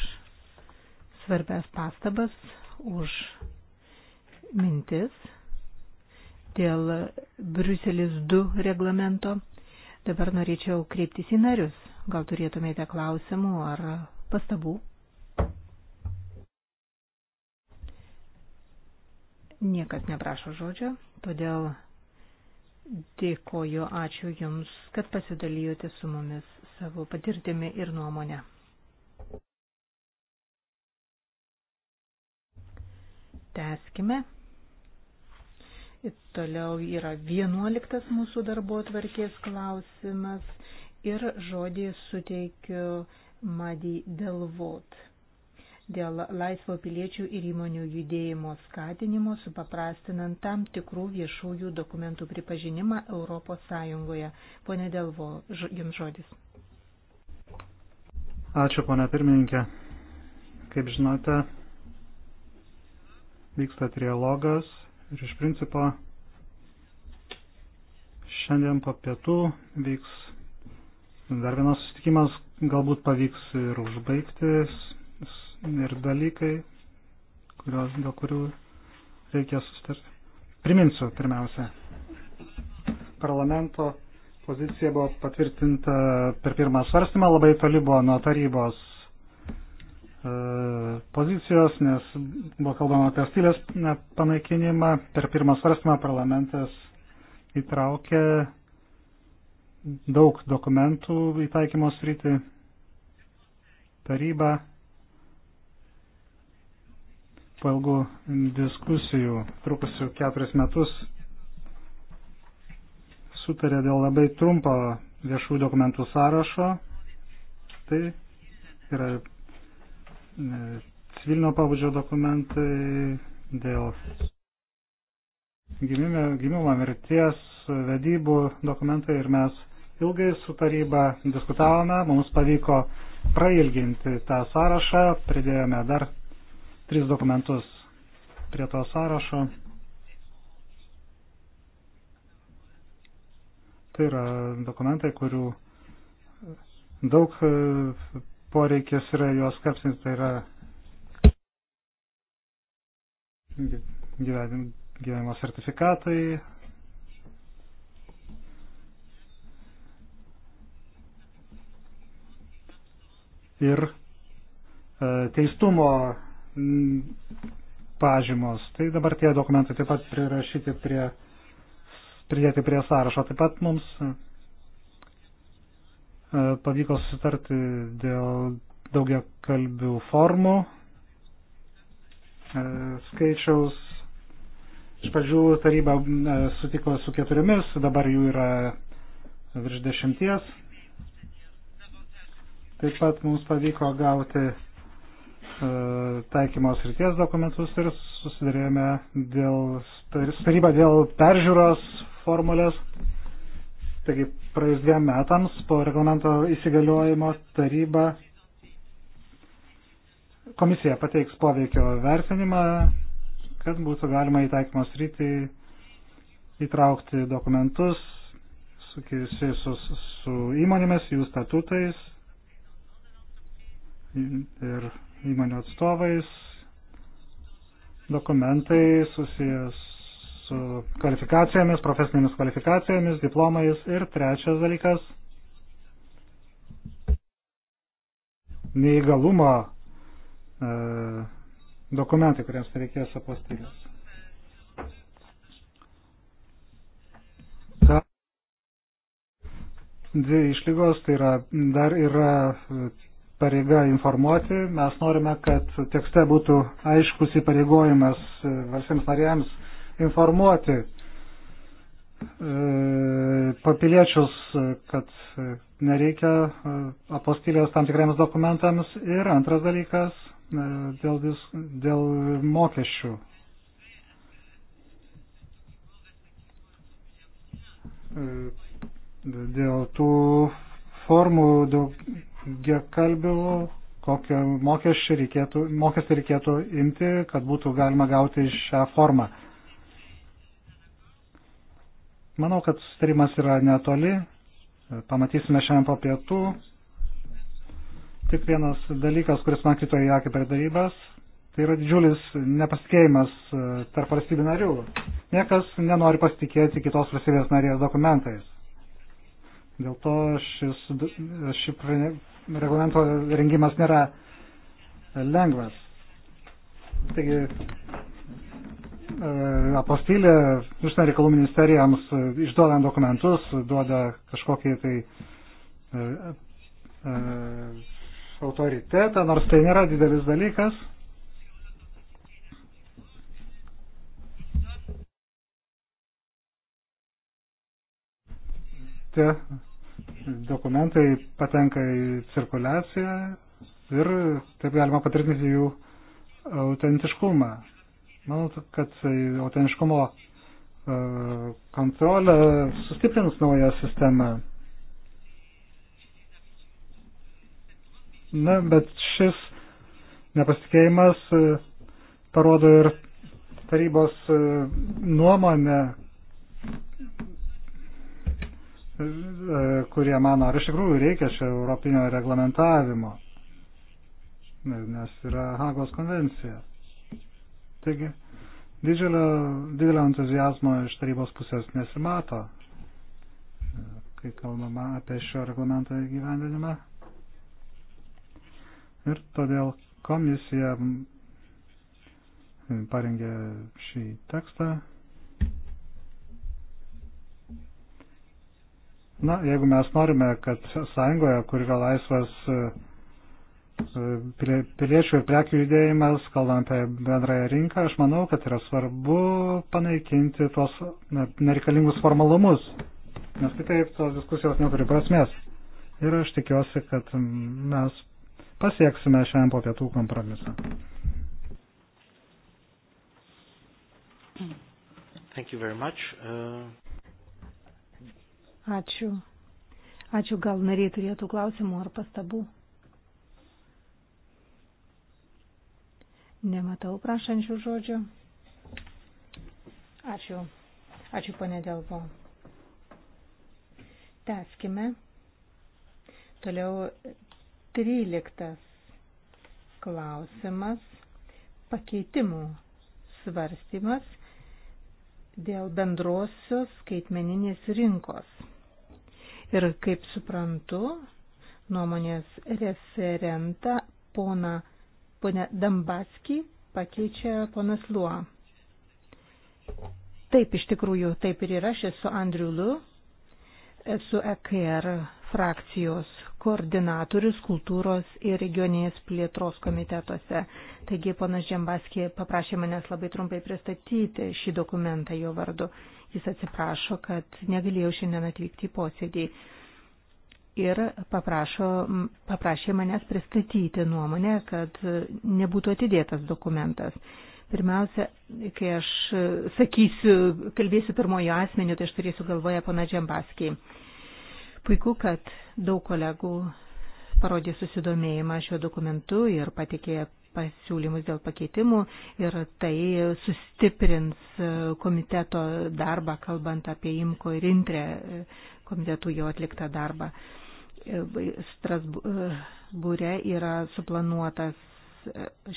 [SPEAKER 4] svarbės pastabas, už mintis dėl Bruselis 2 reglamento. Dabar norėčiau kreiptis į narius. Gal turėtumėte klausimų ar pastabų? Niekas neprašo žodžio, todėl Dėkoju, ačiū Jums, kad pasidalijote su mumis savo patirtimi ir nuomonę. Teskime. Ir toliau yra vienuoliktas mūsų darbo atvarkės klausimas ir žodį suteikiu Madi Delvot dėl laisvo piliečių ir įmonių judėjimo skatinimo, supaprastinant tam tikrų viešųjų dokumentų pripažinimą ES. Pone Delvo, jums žodis.
[SPEAKER 3] Ačiū, pone pirmininkė. Kaip žinote, vyksta trialogas ir iš principo šiandien po pietų vyks dar vienas susitikimas, galbūt pavyks ir užbaigtis ir dalykai, kurios, dėl kurių reikia sustarti. Priminsiu pirmiausia, parlamento pozicija buvo patvirtinta per pirmą svarstymą, labai toli buvo nuo tarybos e, pozicijos, nes buvo kalbama apie stilės panaikinimą. Per pirmą svarstymą parlamentas įtraukė daug dokumentų į taikymos rytį. Taryba po ilgų diskusijų, trukusių keturis metus, sutarė dėl labai trumpo viešų dokumentų sąrašo. Tai yra e, civilinio pabudžio dokumentai dėl gimimo, gimimo mirties, vedybų dokumentai ir mes ilgai su taryba diskutavome, mums pavyko prailginti tą sąrašą, pridėjome dar tris dokumentus prie to sąrašo. Tai yra dokumentai, kurių daug e, poreikis yra juos kapsinti, tai yra gyvenimo sertifikatai. Ir e, teistumo Mm, pažymos. Tai dabar tie dokumentai taip pat prirašyti prie, pridėti prie sąrašo. Taip pat mums e, pavyko susitarti dėl daugia kalbių formų e, skaičiaus. Iš pradžių taryba e, sutiko su keturiomis, dabar jų yra virš dešimties. Taip pat mums pavyko gauti E, taikymos ryties dokumentus ir susidarėjome dėl, tarybą dėl peržiūros formulės. Taigi praėjus dviem metams po reglamento įsigaliojimo taryba komisija pateiks poveikio vertinimą, kad būtų galima į taikymos rytį įtraukti dokumentus susijusius su, su, su įmonėmis, jų statutais ir įmonių atstovais, dokumentai susijęs su kvalifikacijomis, profesinėmis kvalifikacijomis, diplomais ir trečias dalykas - neįgalumo e, dokumentai, kuriems tai reikės apostilės. Dvi išlygos, tai yra, dar yra pareiga informuoti. Mes norime, kad tekste būtų aiškus įpareigojimas e, valstybėms narėms informuoti e, papiliečius, e, kad e, nereikia apostilės tam tikriems dokumentams. Ir antras dalykas e, dėl, vis, dėl mokesčių. E, dėl tų formų daug, daugiakalbių, kokio mokesčio reikėtų, mokestį reikėtų imti, kad būtų galima gauti šią formą. Manau, kad sustarimas yra netoli. Pamatysime šiandien po pietų. Tik vienas dalykas, kuris man krito į akį per darybas, tai yra didžiulis nepasitikėjimas e, tarp valstybių narių. Niekas nenori pasitikėti kitos valstybės narės dokumentais. Dėl to šis, ši reglamento rengimas nėra lengvas. Taigi e, apostylė užsienio reikalų ministerijoms e, išduodant dokumentus, duoda kažkokį tai e, e, autoritetą, nors tai nėra didelis dalykas. Tie dokumentai patenka į cirkuliaciją ir taip galima patvirtinti jų autentiškumą. Manau, kad tai autentiškumo e, kontrolę sustiprins naują sistemą. Na, bet šis nepasitikėjimas e, parodo ir tarybos e, nuomonę, kurie mano, ar iš tikrųjų reikia čia europinio reglamentavimo, nes yra Hagos konvencija. Taigi, didžiulio, didelio entuzijazmo iš tarybos pusės nesimato, kai kalbama apie šio reglamento įgyvendinimą. Ir todėl komisija parengė šį tekstą Na, jeigu mes norime, kad sąjungoje, kur yra laisvas e, e, piliečių ir prekių judėjimas, kalbant apie bendrąją rinką, aš manau, kad yra svarbu panaikinti tuos nereikalingus formalumus, nes kitaip tos diskusijos neturi prasmės. Ir aš tikiuosi, kad mes pasieksime šiandien po pietų kompromisą.
[SPEAKER 1] Thank you very much. Uh...
[SPEAKER 4] Ačiū. Ačiū, gal nariai turėtų klausimų ar pastabų. Nematau prašančių žodžių. Ačiū. Ačiū, ponė Delvo. Teskime. Toliau 13 klausimas. Pakeitimų svarstymas dėl bendrosios skaitmeninės rinkos. Ir kaip suprantu, nuomonės referentą pona, ponę Dambaskį pakeičia ponas Luo. Taip, iš tikrųjų, taip ir yra. Aš esu Andriu Lu, esu EKR frakcijos koordinatorius kultūros ir regioninės plėtros komitetuose. Taigi, ponas Džembaskė paprašė manęs labai trumpai pristatyti šį dokumentą jo vardu. Jis atsiprašo, kad negalėjau šiandien atvykti į posėdį ir paprašo, paprašė manęs pristatyti nuomonę, kad nebūtų atidėtas dokumentas. Pirmiausia, kai aš sakysiu, kalbėsiu pirmojo asmeniu, tai aš turėsiu galvoje pana Džembaskį. Puiku, kad daug kolegų parodė susidomėjimą šiuo dokumentu ir patikė pasiūlymus dėl pakeitimų ir tai sustiprins e, komiteto darbą, kalbant apie IMKO ir INTRE e, komitetų jau atliktą darbą. E, Strasbūre yra suplanuotas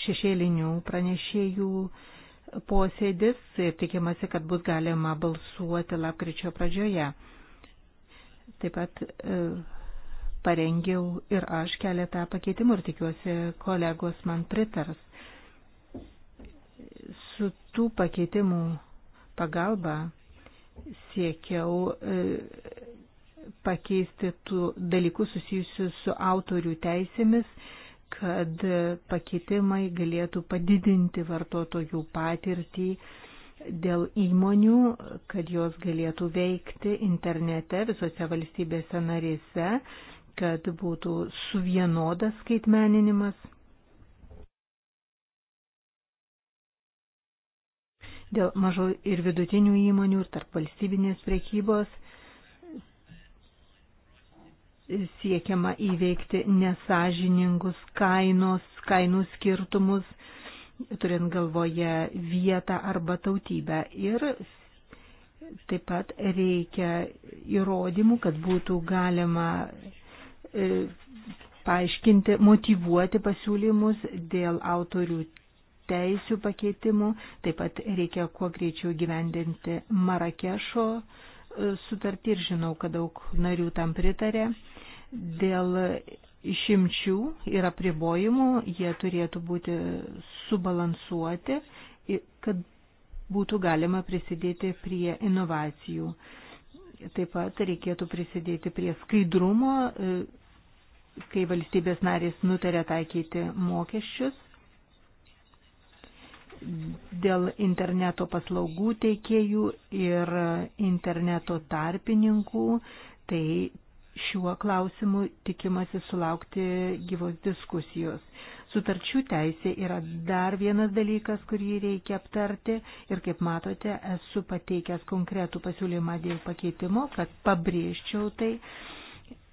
[SPEAKER 4] šešėlinių pranešėjų posėdis ir tikimasi, kad bus galima balsuoti lapkričio pradžioje. Taip pat parengiau ir aš keletą pakeitimų ir tikiuosi kolegos man pritars. Su tų pakeitimų pagalba siekiau e, pakeisti tų dalykų susijusių su autorių teisėmis, kad pakeitimai galėtų padidinti vartotojų patirtį dėl įmonių, kad jos galėtų veikti internete visose valstybėse narėse kad būtų suvienodas skaitmeninimas. Dėl mažo ir vidutinių įmonių ir tarp valstybinės prekybos siekiama įveikti nesažiningus kainos, kainų skirtumus, turint galvoje vietą arba tautybę. Ir taip pat reikia įrodymų, kad būtų galima E, paaiškinti, motivuoti pasiūlymus dėl autorių teisių pakeitimų. Taip pat reikia kuo greičiau gyvendinti Marakešo e, sutartį ir žinau, kad daug narių tam pritarė. Dėl išimčių ir apribojimų jie turėtų būti subalansuoti, kad būtų galima prisidėti prie inovacijų. Taip pat reikėtų prisidėti prie skaidrumo e, kai valstybės narės nutarė taikyti mokesčius dėl interneto paslaugų teikėjų ir interneto tarpininkų, tai šiuo klausimu tikimasi sulaukti gyvos diskusijos. Sutarčių teisė yra dar vienas dalykas, kurį reikia aptarti ir, kaip matote, esu pateikęs konkretų pasiūlymą dėl pakeitimo, kad pabrėžčiau tai.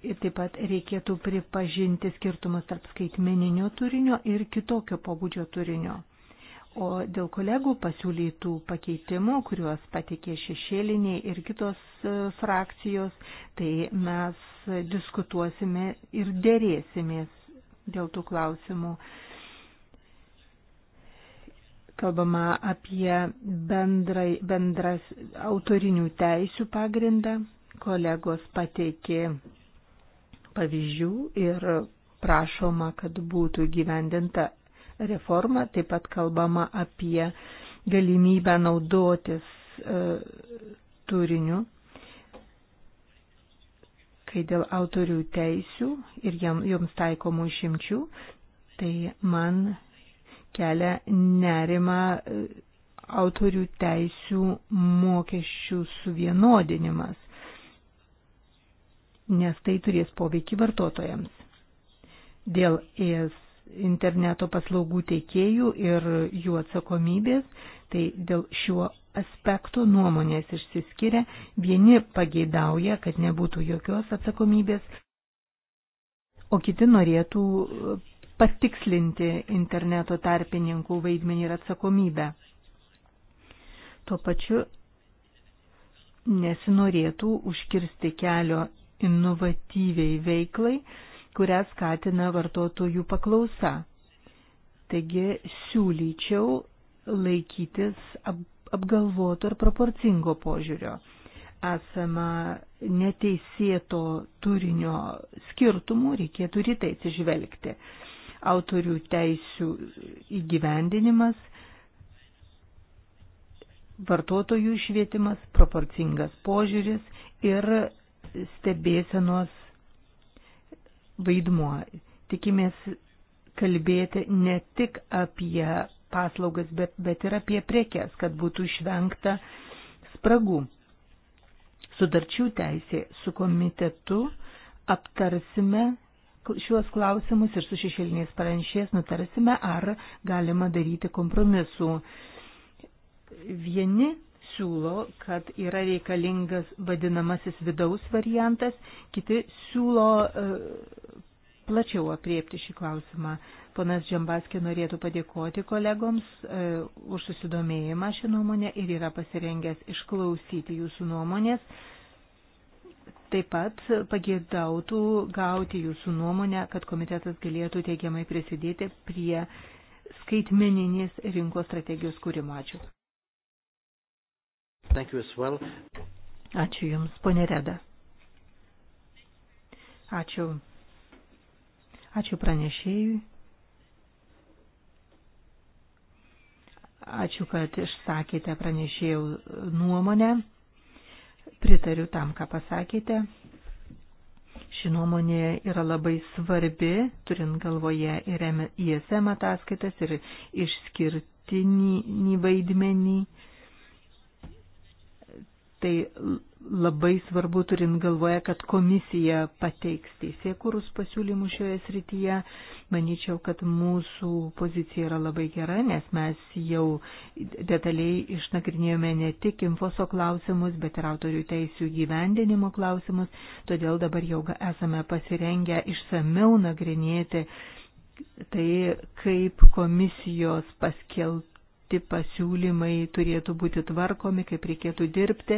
[SPEAKER 4] Ir taip pat reikėtų pripažinti skirtumus tarp skaitmeninio turinio ir kitokio pobūdžio turinio. O dėl kolegų pasiūlytų pakeitimų, kuriuos patikė šešėliniai ir kitos e, frakcijos, tai mes diskutuosime ir dėrėsimės dėl tų klausimų. Kalbama apie bendrai, bendras autorinių teisių pagrindą. Kolegos pateikė pavyzdžių ir prašoma, kad būtų gyvendinta reforma, taip pat kalbama apie galimybę naudotis e, turiniu, kai dėl autorių teisių ir jam, joms taikomų išimčių, tai man kelia nerima e, autorių teisių mokesčių suvienodinimas nes tai turės poveikį vartotojams. Dėl ES interneto paslaugų teikėjų ir jų atsakomybės, tai dėl šiuo aspektu nuomonės išsiskiria, vieni pageidauja, kad nebūtų jokios atsakomybės, o kiti norėtų patikslinti interneto tarpininkų vaidmenį ir atsakomybę. Tuo pačiu nesinorėtų užkirsti kelio inovatyviai veiklai, kurią skatina vartotojų paklausa. Taigi siūlyčiau laikytis apgalvoto ir proporcingo požiūrio. Esama neteisėto turinio skirtumų reikėtų rytai atsižvelgti. Autorių teisių įgyvendinimas, vartotojų švietimas, proporcingas požiūris ir stebėsenos vaidmuo. Tikimės kalbėti ne tik apie paslaugas, bet, bet ir apie prekes, kad būtų išvengta spragų. Sudarčių teisė su komitetu aptarsime šiuos klausimus ir su šešėliniais paranšės nutarsime, ar galima daryti kompromisų. Vieni siūlo, kad yra reikalingas vadinamasis vidaus variantas, kiti siūlo e, plačiau apriepti šį klausimą. Ponas Džambaskė norėtų padėkoti kolegoms e, už susidomėjimą šią nuomonę ir yra pasirengęs išklausyti jūsų nuomonės. Taip pat pagėdautų gauti jūsų nuomonę, kad komitetas galėtų teigiamai prisidėti prie skaitmeninės rinkos strategijos kūrimo. Ačiū. Well. Ačiū Jums, ponė Reda. Ačiū. Ačiū pranešėjui. Ačiū, kad išsakėte pranešėjų nuomonę. Pritariu tam, ką pasakėte. Ši nuomonė yra labai svarbi, turint galvoje ir ISM ataskaitas, ir išskirtinį vaidmenį Tai labai svarbu turint galvoje, kad komisija pateiks teisėkurus pasiūlymus šioje srityje. Manyčiau, kad mūsų pozicija yra labai gera, nes mes jau detaliai išnagrinėjome ne tik infoso klausimus, bet ir autorių teisų gyvendinimo klausimus. Todėl dabar jau esame pasirengę išsameu nagrinėti tai, kaip komisijos paskel, pateikti pasiūlymai turėtų būti tvarkomi, kaip reikėtų dirbti.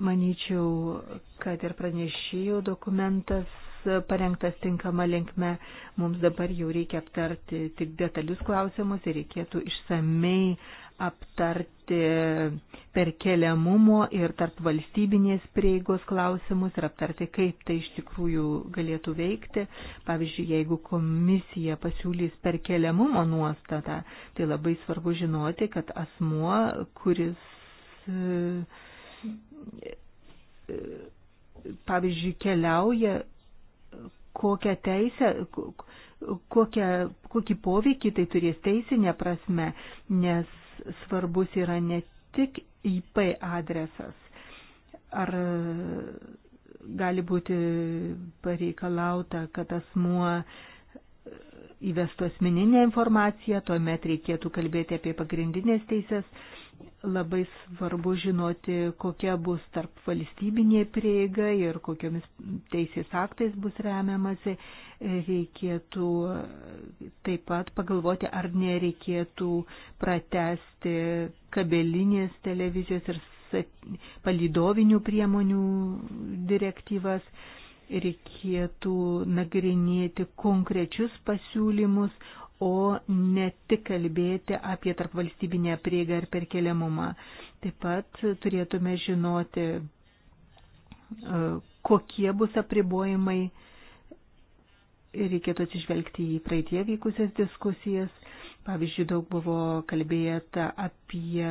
[SPEAKER 4] Manyčiau, kad ir pranešėjų dokumentas parengtas tinkama linkme. Mums dabar jau reikia aptarti tik detalius klausimus ir reikėtų išsamei aptarti perkeliamumo ir tarp valstybinės prieigos klausimus ir aptarti, kaip tai iš tikrųjų galėtų veikti. Pavyzdžiui, jeigu komisija pasiūlys perkeliamumo nuostatą, tai labai svarbu žinoti, kad asmuo, kuris pavyzdžiui keliauja, kokią teisę, kokią, kokį poveikį tai turės teisinė prasme, nes svarbus yra ne tik IP adresas. Ar gali būti pareikalauta, kad asmuo įvestų asmeninę informaciją, tuomet reikėtų kalbėti apie pagrindinės teisės labai svarbu žinoti, kokia bus tarp valstybinė prieiga ir kokiomis teisės aktais bus remiamasi. Reikėtų taip pat pagalvoti, ar nereikėtų pratesti kabelinės televizijos ir palydovinių priemonių direktyvas. Reikėtų nagrinėti konkrečius pasiūlymus, o ne tik kalbėti apie tarpvalstybinę prieigą ir perkeliamumą. Taip pat turėtume žinoti, e, kokie bus apribojimai ir reikėtų atsižvelgti į praeitie vykusias diskusijas. Pavyzdžiui, daug buvo kalbėta apie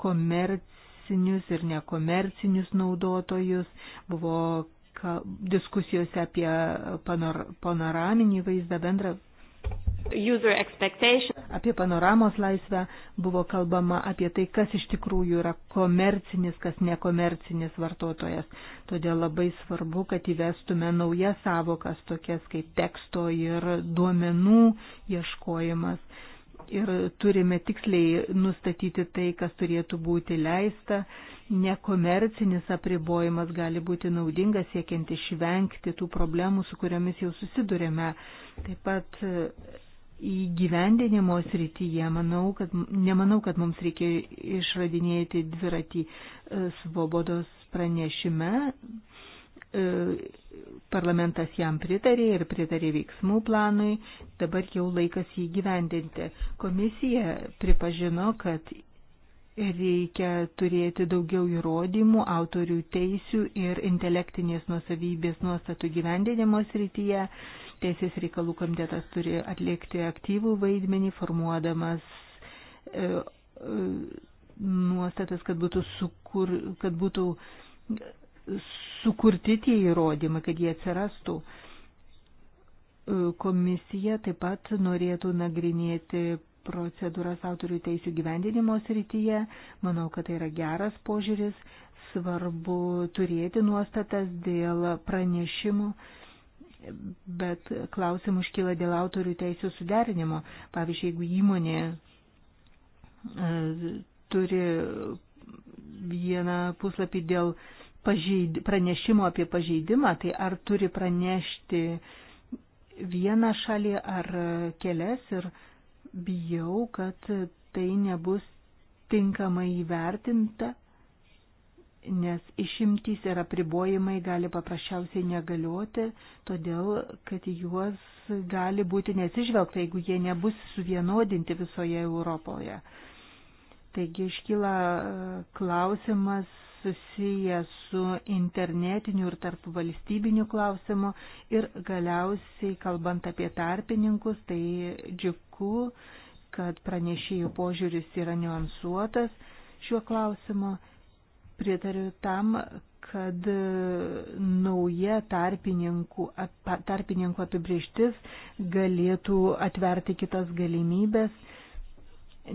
[SPEAKER 4] komercinius ir nekomercinius naudotojus, buvo diskusijose apie panor, panoraminį vaizdą, bendrą Apie panoramos laisvę buvo kalbama apie tai, kas iš tikrųjų yra komercinis, kas nekomercinis vartotojas. Todėl labai svarbu, kad įvestume naujas savokas, tokias kaip teksto ir duomenų ieškojimas. Ir turime tiksliai nustatyti tai, kas turėtų būti leista. Nekomercinis apribojimas gali būti naudingas siekiant išvengti tų problemų, su kuriomis jau susidurėme. Taip pat įgyvendinimo srityje, manau, kad, nemanau, kad mums reikia išradinėti dviratį e, svobodos pranešime. E, Parlamentas jam pritarė ir pritarė veiksmų planui, dabar jau laikas jį gyvendinti. Komisija pripažino, kad reikia turėti daugiau įrodymų autorių teisių ir intelektinės nuosavybės nuostatų gyvendinimo srityje. Teisės reikalų komitetas turi atlikti aktyvų vaidmenį, formuodamas e, e, nuostatas, kad būtų, sukur, kad būtų sukurti tie įrodymai, kad jie atsirastų. E, komisija taip pat norėtų nagrinėti procedūras autorių teisų gyvendinimo srityje. Manau, kad tai yra geras požiūris. Svarbu turėti nuostatas dėl pranešimų bet klausimų iškyla dėl autorių teisų suderinimo. Pavyzdžiui, jeigu įmonė e, turi vieną puslapį dėl pažeid, pranešimo apie pažeidimą, tai ar turi pranešti vieną šalį ar kelias ir bijau, kad tai nebus tinkamai įvertinta nes išimtys ir apribojimai gali paprasčiausiai negalioti, todėl kad juos gali būti nesižvelgta, jeigu jie nebus suvienodinti visoje Europoje. Taigi iškyla e, klausimas susijęs su internetiniu ir tarp valstybiniu klausimu ir galiausiai, kalbant apie tarpininkus, tai džiugu, kad pranešėjų požiūris yra niuansuotas šiuo klausimu pritariu tam, kad nauja tarpininkų, tarpininkų apibrieštis galėtų atverti kitas galimybės,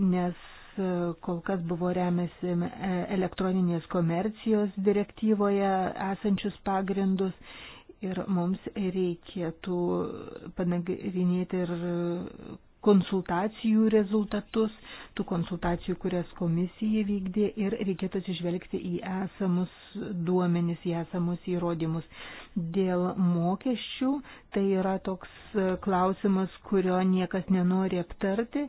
[SPEAKER 4] nes kol kas buvo remiasi e, elektroninės komercijos direktyvoje esančius pagrindus ir mums reikėtų panagrinėti ir konsultacijų rezultatus, tų konsultacijų, kurias komisija vykdė ir reikėtų atsižvelgti į esamus duomenis, į esamus įrodymus. Dėl mokesčių tai yra toks klausimas, kurio niekas nenori aptarti,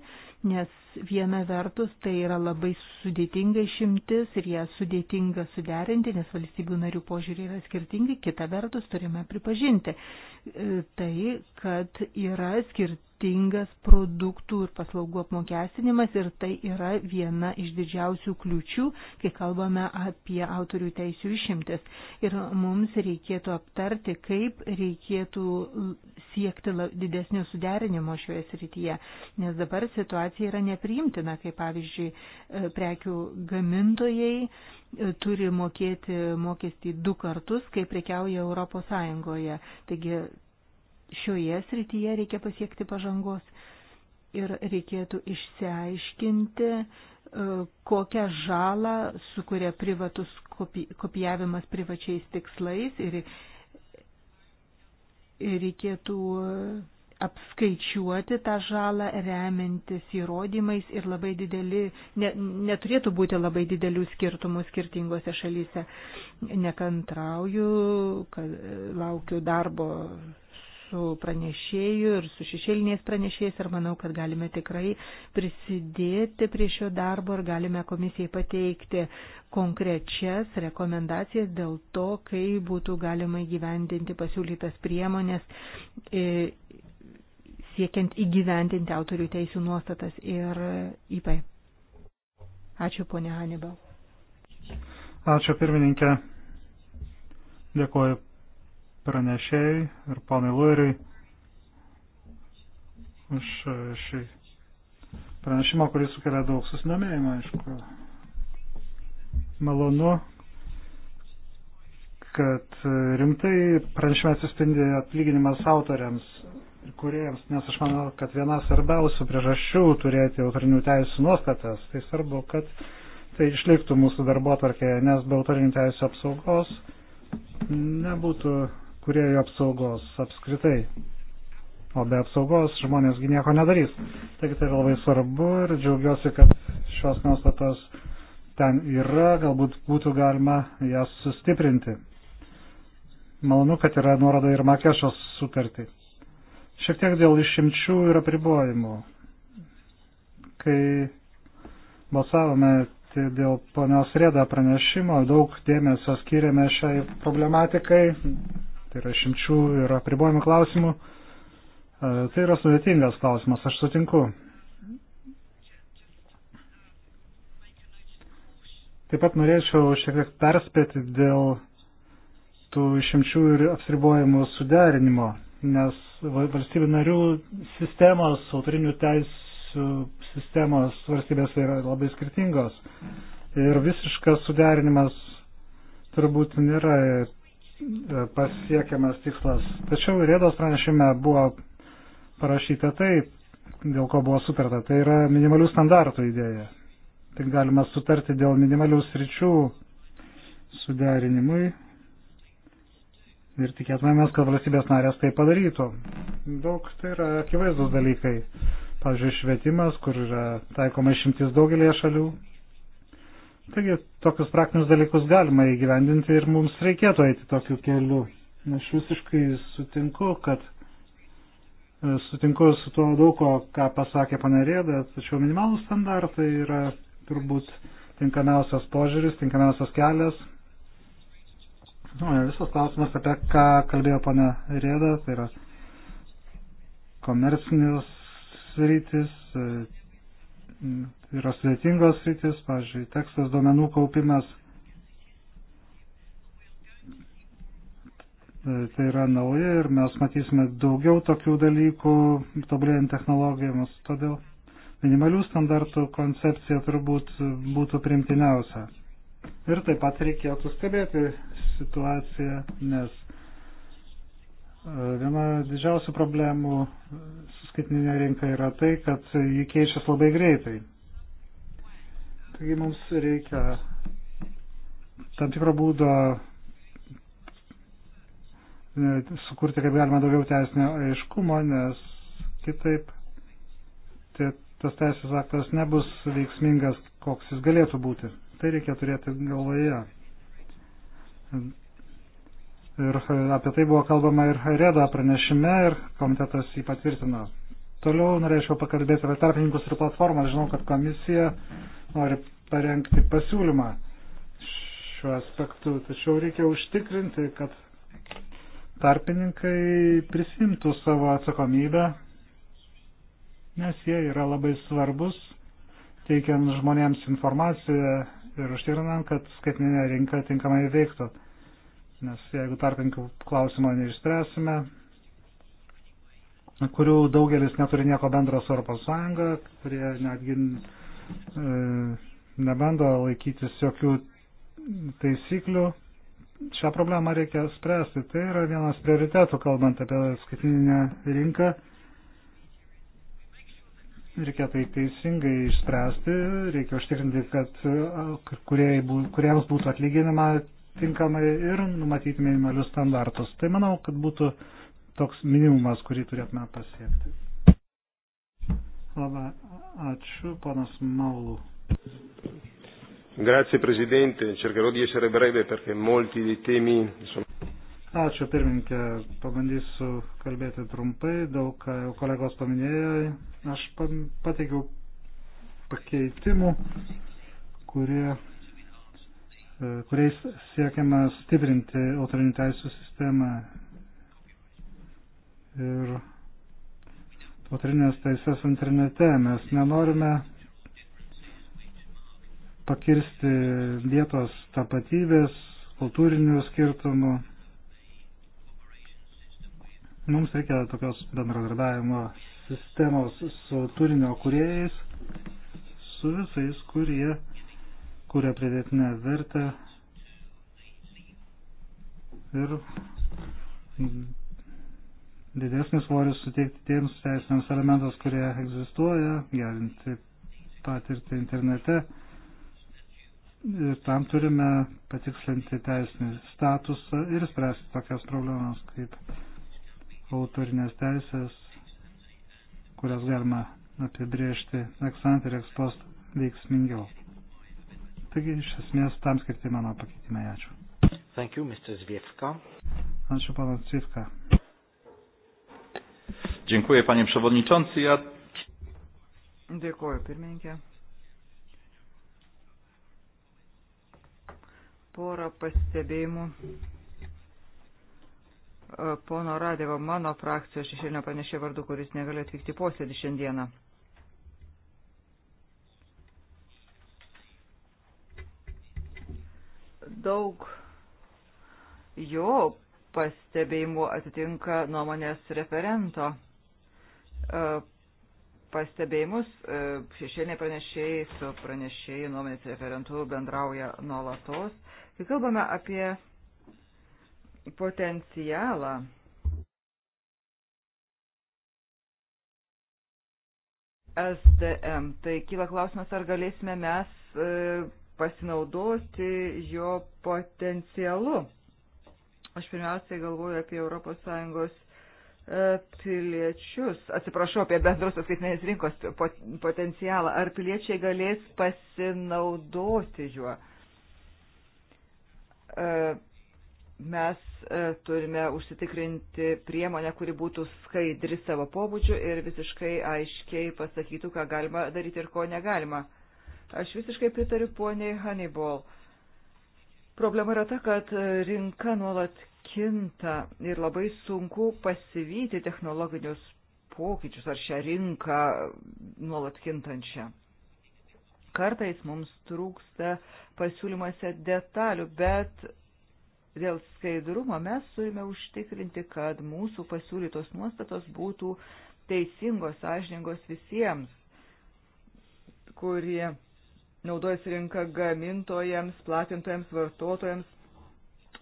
[SPEAKER 4] nes viena vertus tai yra labai sudėtinga išimtis ir ją sudėtinga suderinti, nes valstybių narių požiūrė yra skirtingi, kita vertus turime pripažinti e, tai, kad yra skirtingas produktų ir paslaugų apmokestinimas ir tai yra viena iš didžiausių kliučių, kai kalbame apie autorių teisų išimtis. Ir mums reikėtų aptarti, kaip reikėtų siekti didesnio suderinimo šioje srityje, nes dabar situacija situacija yra nepriimtina, kai pavyzdžiui e, prekių gamintojai e, turi mokėti mokestį du kartus, kai prekiauja Europos Sąjungoje. Taigi šioje srityje reikia pasiekti pažangos ir reikėtų išsiaiškinti, e, kokią žalą sukuria privatus kopijavimas privačiais tikslais ir reikėtų apskaičiuoti tą žalą remiantis įrodymais ir labai dideli, ne, neturėtų būti labai didelių skirtumų skirtingose šalyse. Nekantrauju, kad laukiu darbo su pranešėju ir su šešėliniais pranešėjais ir manau, kad galime tikrai prisidėti prie šio darbo ir galime komisijai pateikti konkrečias rekomendacijas dėl to, kaip būtų galima įgyvendinti pasiūlytas priemonės e, siekiant įgyventinti autorių teisų nuostatas ir IP. Ačiū, ponė Hanibal.
[SPEAKER 3] Ačiū, pirmininkė. Dėkuoju pranešėjai ir ponai Luiriui už šį pranešimą, kuris sukelia daug susidomėjimo, aišku. Malonu, kad rimtai pranešime atsispindi atlyginimas autoriams kuriems, nes aš manau, kad viena svarbiausių priežasčių turėti autorinių teisų nuostatas, tai svarbu, kad tai išliktų mūsų darbo tarkėje, nes be autorinių teisų apsaugos nebūtų kuriejų apsaugos apskritai. O be apsaugos žmonėsgi nieko nedarys. Taigi tai yra labai svarbu ir džiaugiuosi, kad šios nuostatos ten yra, galbūt būtų galima jas sustiprinti. Malonu, kad yra nuoroda ir Makešos sutartį. Šiek tiek dėl išimčių ir apribojimų. Kai balsavome tai dėl ponios Rėda pranešimo, daug dėmesio skiriame šiai problematikai, tai yra išimčių ir apribojimų klausimų. E, tai yra sudėtingas klausimas, aš sutinku. Taip pat norėčiau šiek tiek perspėti dėl tų išimčių ir apsiribojimų suderinimo, nes valstybių narių sistemos, autorinių teisų sistemos valstybės yra labai skirtingos. Ir visiškas suderinimas turbūt nėra e, pasiekiamas tikslas. Tačiau Rėdos pranešime buvo parašyta taip, dėl ko buvo sutarta. Tai yra minimalių standartų idėja. Tik galima sutarti dėl minimalių sričių suderinimui ir tikėtumėmės, kad valstybės narės tai padarytų. Daug tai yra akivaizdus dalykai. Pavyzdžiui, švietimas, kur yra taikoma išimtis daugelėje šalių. Taigi, tokius praktinius dalykus galima įgyvendinti ir mums reikėtų eiti tokiu keliu. Aš visiškai sutinku, kad e, sutinku su tuo daug, ką pasakė panerėda, tačiau minimalų standartai yra turbūt tinkamiausias požiūris, tinkamiausias kelias, Visas klausimas, apie ką kalbėjo pana Rėda, tai yra komercinės rytis, e, yra sudėtingos rytis, pavyzdžiui, tekstas duomenų kaupimas. E, tai yra nauja ir mes matysime daugiau tokių dalykų, tobulėjant technologijomis. Todėl minimalių standartų koncepcija turbūt būtų primtiniausia. Ir taip pat reikėtų stebėti situaciją, nes e, viena didžiausių problemų su skaitinė rinka yra tai, kad jį keičias labai greitai. Taigi mums reikia tam tikro būdo e, sukurti kaip galima daugiau teisinio aiškumo, nes kitaip tai tas teisės aktas nebus veiksmingas, koks jis galėtų būti. Tai reikia turėti galvoje. Ir apie tai buvo kalbama ir Reda pranešime ir komitetas jį patvirtino. Toliau norėčiau pakalbėti apie tarpininkus ir platformas. Žinau, kad komisija nori parengti pasiūlymą šiuo aspektu, tačiau reikia užtikrinti, kad tarpininkai prisimtų savo atsakomybę, nes jie yra labai svarbus, teikiant žmonėms informaciją ir užtikrinant, kad skaitminė rinka tinkamai veiktų. Nes jeigu tarpininkų klausimo neišspręsime, kurių daugelis neturi nieko bendro su Europos Sąjunga, kurie netgi e, nebando laikytis jokių taisyklių, šią problemą reikia spręsti. Tai yra vienas prioritetų, kalbant apie skaitinę rinką reikia tai teisingai išspręsti, reikia užtikrinti, kad e, kuriems būtų atlyginama tinkamai ir numatyti minimalius standartus. Tai manau, kad būtų toks minimumas, kurį turėtume pasiekti. Labai ačiū, ponas Maulų. Grazie Presidente, cercherò di essere breve perché molti dei temi sono. Ačiū pirmininkė, pabandysiu kalbėti trumpai, daug kolegos paminėjo, aš pateikiau pakeitimų, kurie, e, kuriais siekiama stiprinti autorinių teisų sistemą ir autorinės teisės internete. Mes nenorime pakirsti vietos tapatybės, kultūrinių skirtumų Mums reikia tokios bendradarbiavimo sistemos su turinio kuriejais, su visais, kurie kuria pridėtinę vertę ir didesnis svoris suteikti tiems teisiniams elementams, kurie egzistuoja, gerinti patirtį internete. Ir tam turime patikslinti teisinį statusą ir spręsti tokias problemas kaip autorinės teisės, kurias galima apibriežti eksant ir ekspost veiksmingiau. Taigi, iš esmės, tam skirti mano pakeitimai. Ačiū.
[SPEAKER 1] Thank you, Mr. Zwiefka.
[SPEAKER 3] Ačiū, panas Zwiefka. Dziękuję, panie przewodniczący. Ja... Dėkuoju, pirmininkė.
[SPEAKER 2] Porą pastebėjimų E, pono Radėvo, mano frakcijos šešėlinio panešė vardu, kuris negali atvykti posėdį šiandieną. Daug jo pastebėjimų atitinka nuomonės referento e, pastebėjimus. E, šešėliniai pranešėjai su pranešėjai nuomonės referentu bendrauja nuolatos. Kai kalbame apie potencialą. STM. Tai kyla klausimas, ar galėsime mes e, pasinaudoti jo potencialu. Aš pirmiausiai galvoju apie ES e, piliečius, atsiprašau, apie bendros atskaitinės rinkos potencialą, ar piliečiai galės pasinaudoti juo. E, mes e, turime užsitikrinti priemonę, kuri būtų skaidri savo pobūdžiu ir visiškai aiškiai pasakytų, ką galima daryti ir ko negalima. Aš visiškai pritariu poniai Hannibal. Problema yra ta, kad rinka nuolat kinta ir labai sunku pasivyti technologinius pokyčius ar šią rinką nuolat kintančią kartais mums trūksta pasiūlymuose detalių, bet Dėl skaidrumo mes turime užtikrinti, kad mūsų pasiūlytos nuostatos būtų teisingos, sąžiningos visiems, kurie naudojasi rinka gamintojams, platintojams, vartotojams,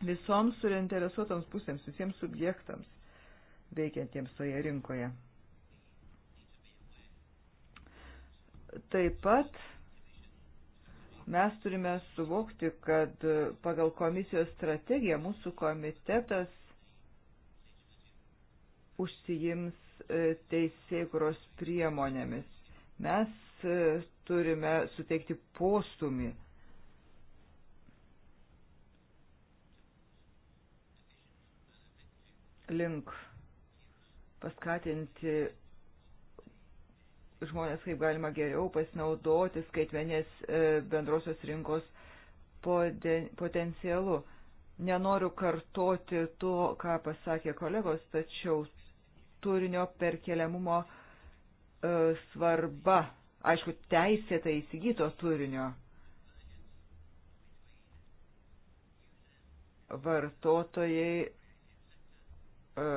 [SPEAKER 2] visoms surinteresuotams pusėms, visiems subjektams veikiantiems toje rinkoje. Taip pat Mes turime suvokti, kad pagal komisijos strategiją mūsų komitetas užsijims e, teisėkuros priemonėmis. Mes e, turime suteikti postumį link paskatinti žmonės kaip galima geriau pasinaudoti skaitmenės e, bendrosios rinkos potencialu. Nenoriu kartoti to, ką pasakė kolegos, tačiau turinio perkeliamumo e, svarba, aišku, teisėtai įsigyto turinio vartotojai e,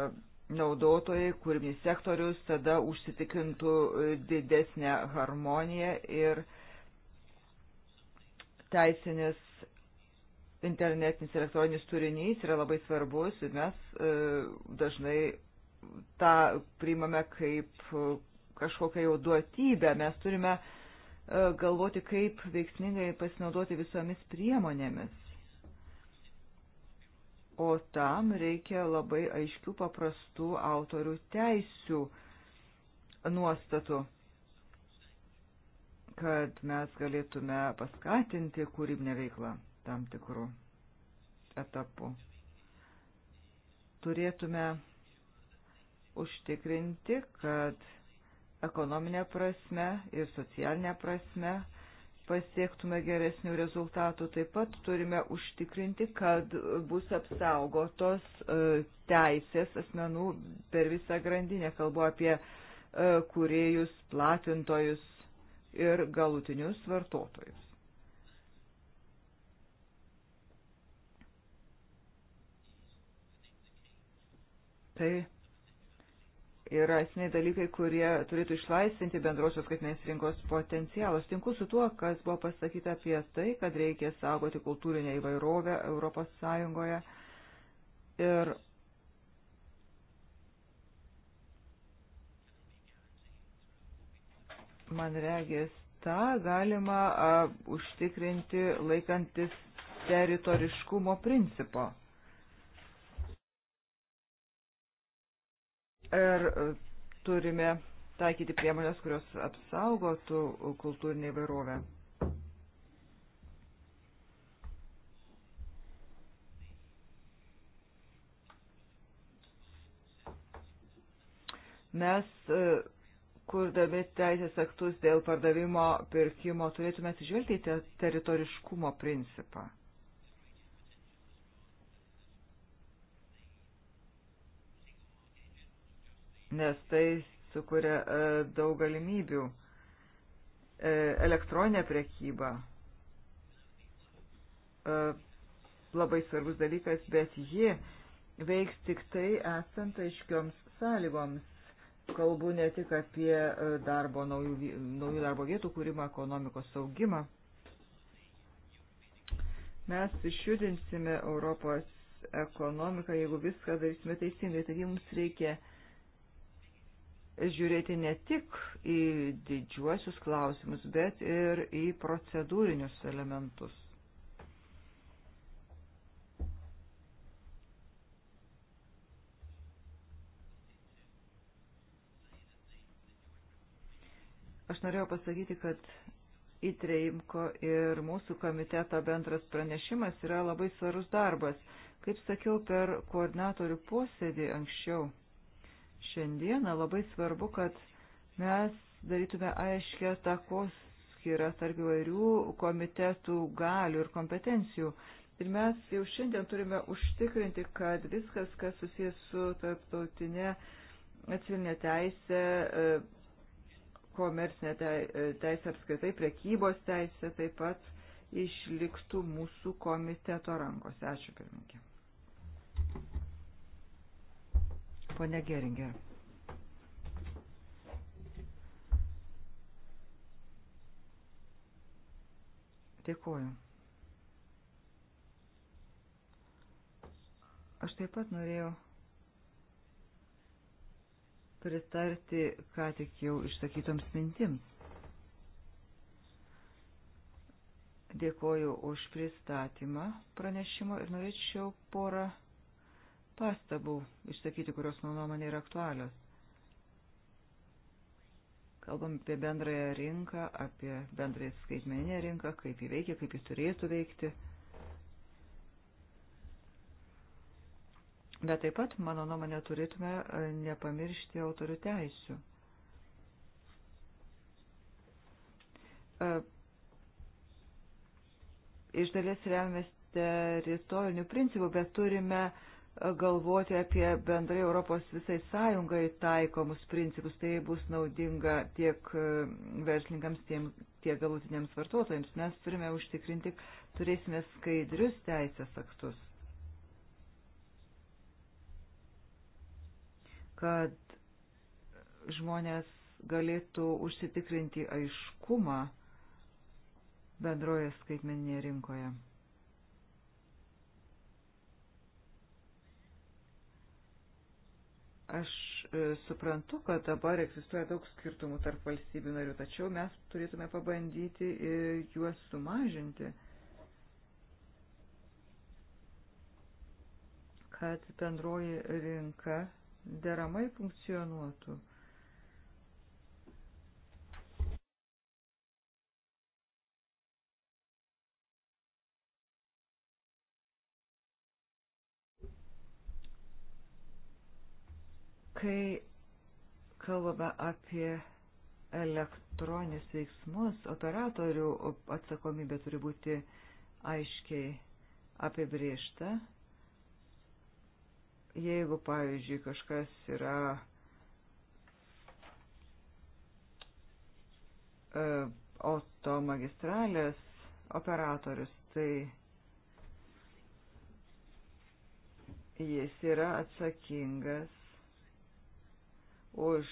[SPEAKER 2] naudotojai, kūrybinis sektorius tada užsitikintų e, didesnę harmoniją ir teisinis internetinis elektroninis turinys yra labai svarbus ir mes e, dažnai tą priimame kaip e, kažkokią jau duotybę. Mes turime e, galvoti, kaip veiksmingai pasinaudoti visomis priemonėmis o tam reikia labai aiškių paprastų autorių teisių nuostatų, kad mes galėtume paskatinti kūrybinę veiklą tam tikrų etapų. Turėtume užtikrinti, kad ekonominė prasme ir socialinė prasme pasiektume geresnių rezultatų. Taip pat turime užtikrinti, kad bus apsaugotos e, teisės asmenų per visą grandinę. Kalbu apie e, kuriejus, platintojus ir galutinius vartotojus. Tai yra esminiai dalykai, kurie turėtų išlaisvinti bendrosios skaitmenės rinkos potencialą. Sutinku su tuo, kas buvo pasakyta apie tai, kad reikia saugoti kultūrinę įvairovę Europos Sąjungoje. Ir man regės, tą galima a, užtikrinti laikantis teritoriškumo principo. Ir e, turime taikyti priemonės, kurios apsaugotų kultūrinę įvairovę. Mes, e, kurdami teisės aktus dėl pardavimo pirkimo, turėtume atsižvelgti į teritoriškumo principą. nes tai sukuria e, daug galimybių. E, elektroninė prekyba e, labai svarbus dalykas, bet ji veiks tik tai esant aiškioms sąlygoms. Kalbu ne tik apie darbo, naujų, naujų darbo vietų kūrimą, ekonomikos saugimą. Mes išjudinsime Europos ekonomiką, jeigu viską darysime teisingai. Taigi mums reikia žiūrėti ne tik į didžiuosius klausimus, bet ir į procedūrinius elementus. Aš norėjau pasakyti, kad įtreimko ir mūsų komiteto bendras pranešimas yra labai svarus darbas. Kaip sakiau per koordinatorių posėdį anksčiau, šiandieną labai svarbu, kad mes darytume aiškę takos skirą tarp įvairių komitetų galių ir kompetencijų. Ir mes jau šiandien turime užtikrinti, kad viskas, kas susijęs su tarptautinė civilinė teisė, e, komercinė e, teisė apskaitai, prekybos teisė taip pat išliktų mūsų komiteto rankose. Ačiū pirmininkė. Pone Geringė. Dėkuoju. Aš taip pat norėjau pritarti, ką tik jau išsakytoms mintims. Dėkoju už pristatymą pranešimo ir norėčiau porą pastabų išsakyti, kurios mano nuomonė yra aktualios. Kalbam apie bendrąją rinką, apie bendrąją skaitmeninę rinką, kaip jį veikia, kaip jį turėtų veikti. Bet taip pat, mano nuomonė, turėtume e, nepamiršti autorių teisių. E, iš dalies remiamės teritorinių principų, bet turime uh, galvoti apie bendrai Europos visai sąjungai taikomus principus. Tai bus naudinga tiek e, verslininkams, tiek galutiniams vartotojams. Mes turime užtikrinti, turėsime skaidrius teisės aktus. Kad žmonės galėtų užsitikrinti aiškumą bendroje skaitmeninėje rinkoje. Aš e, suprantu, kad dabar egzistuoja daug skirtumų tarp valstybių narių, tačiau mes turėtume pabandyti e, juos sumažinti, kad bendroji rinka deramai funkcionuotų. Kai kalbame apie elektroninius veiksmus, operatorių atsakomybė turi būti aiškiai apibriešta. Jeigu, pavyzdžiui, kažkas yra e, automagistralės operatorius, tai jis yra atsakingas už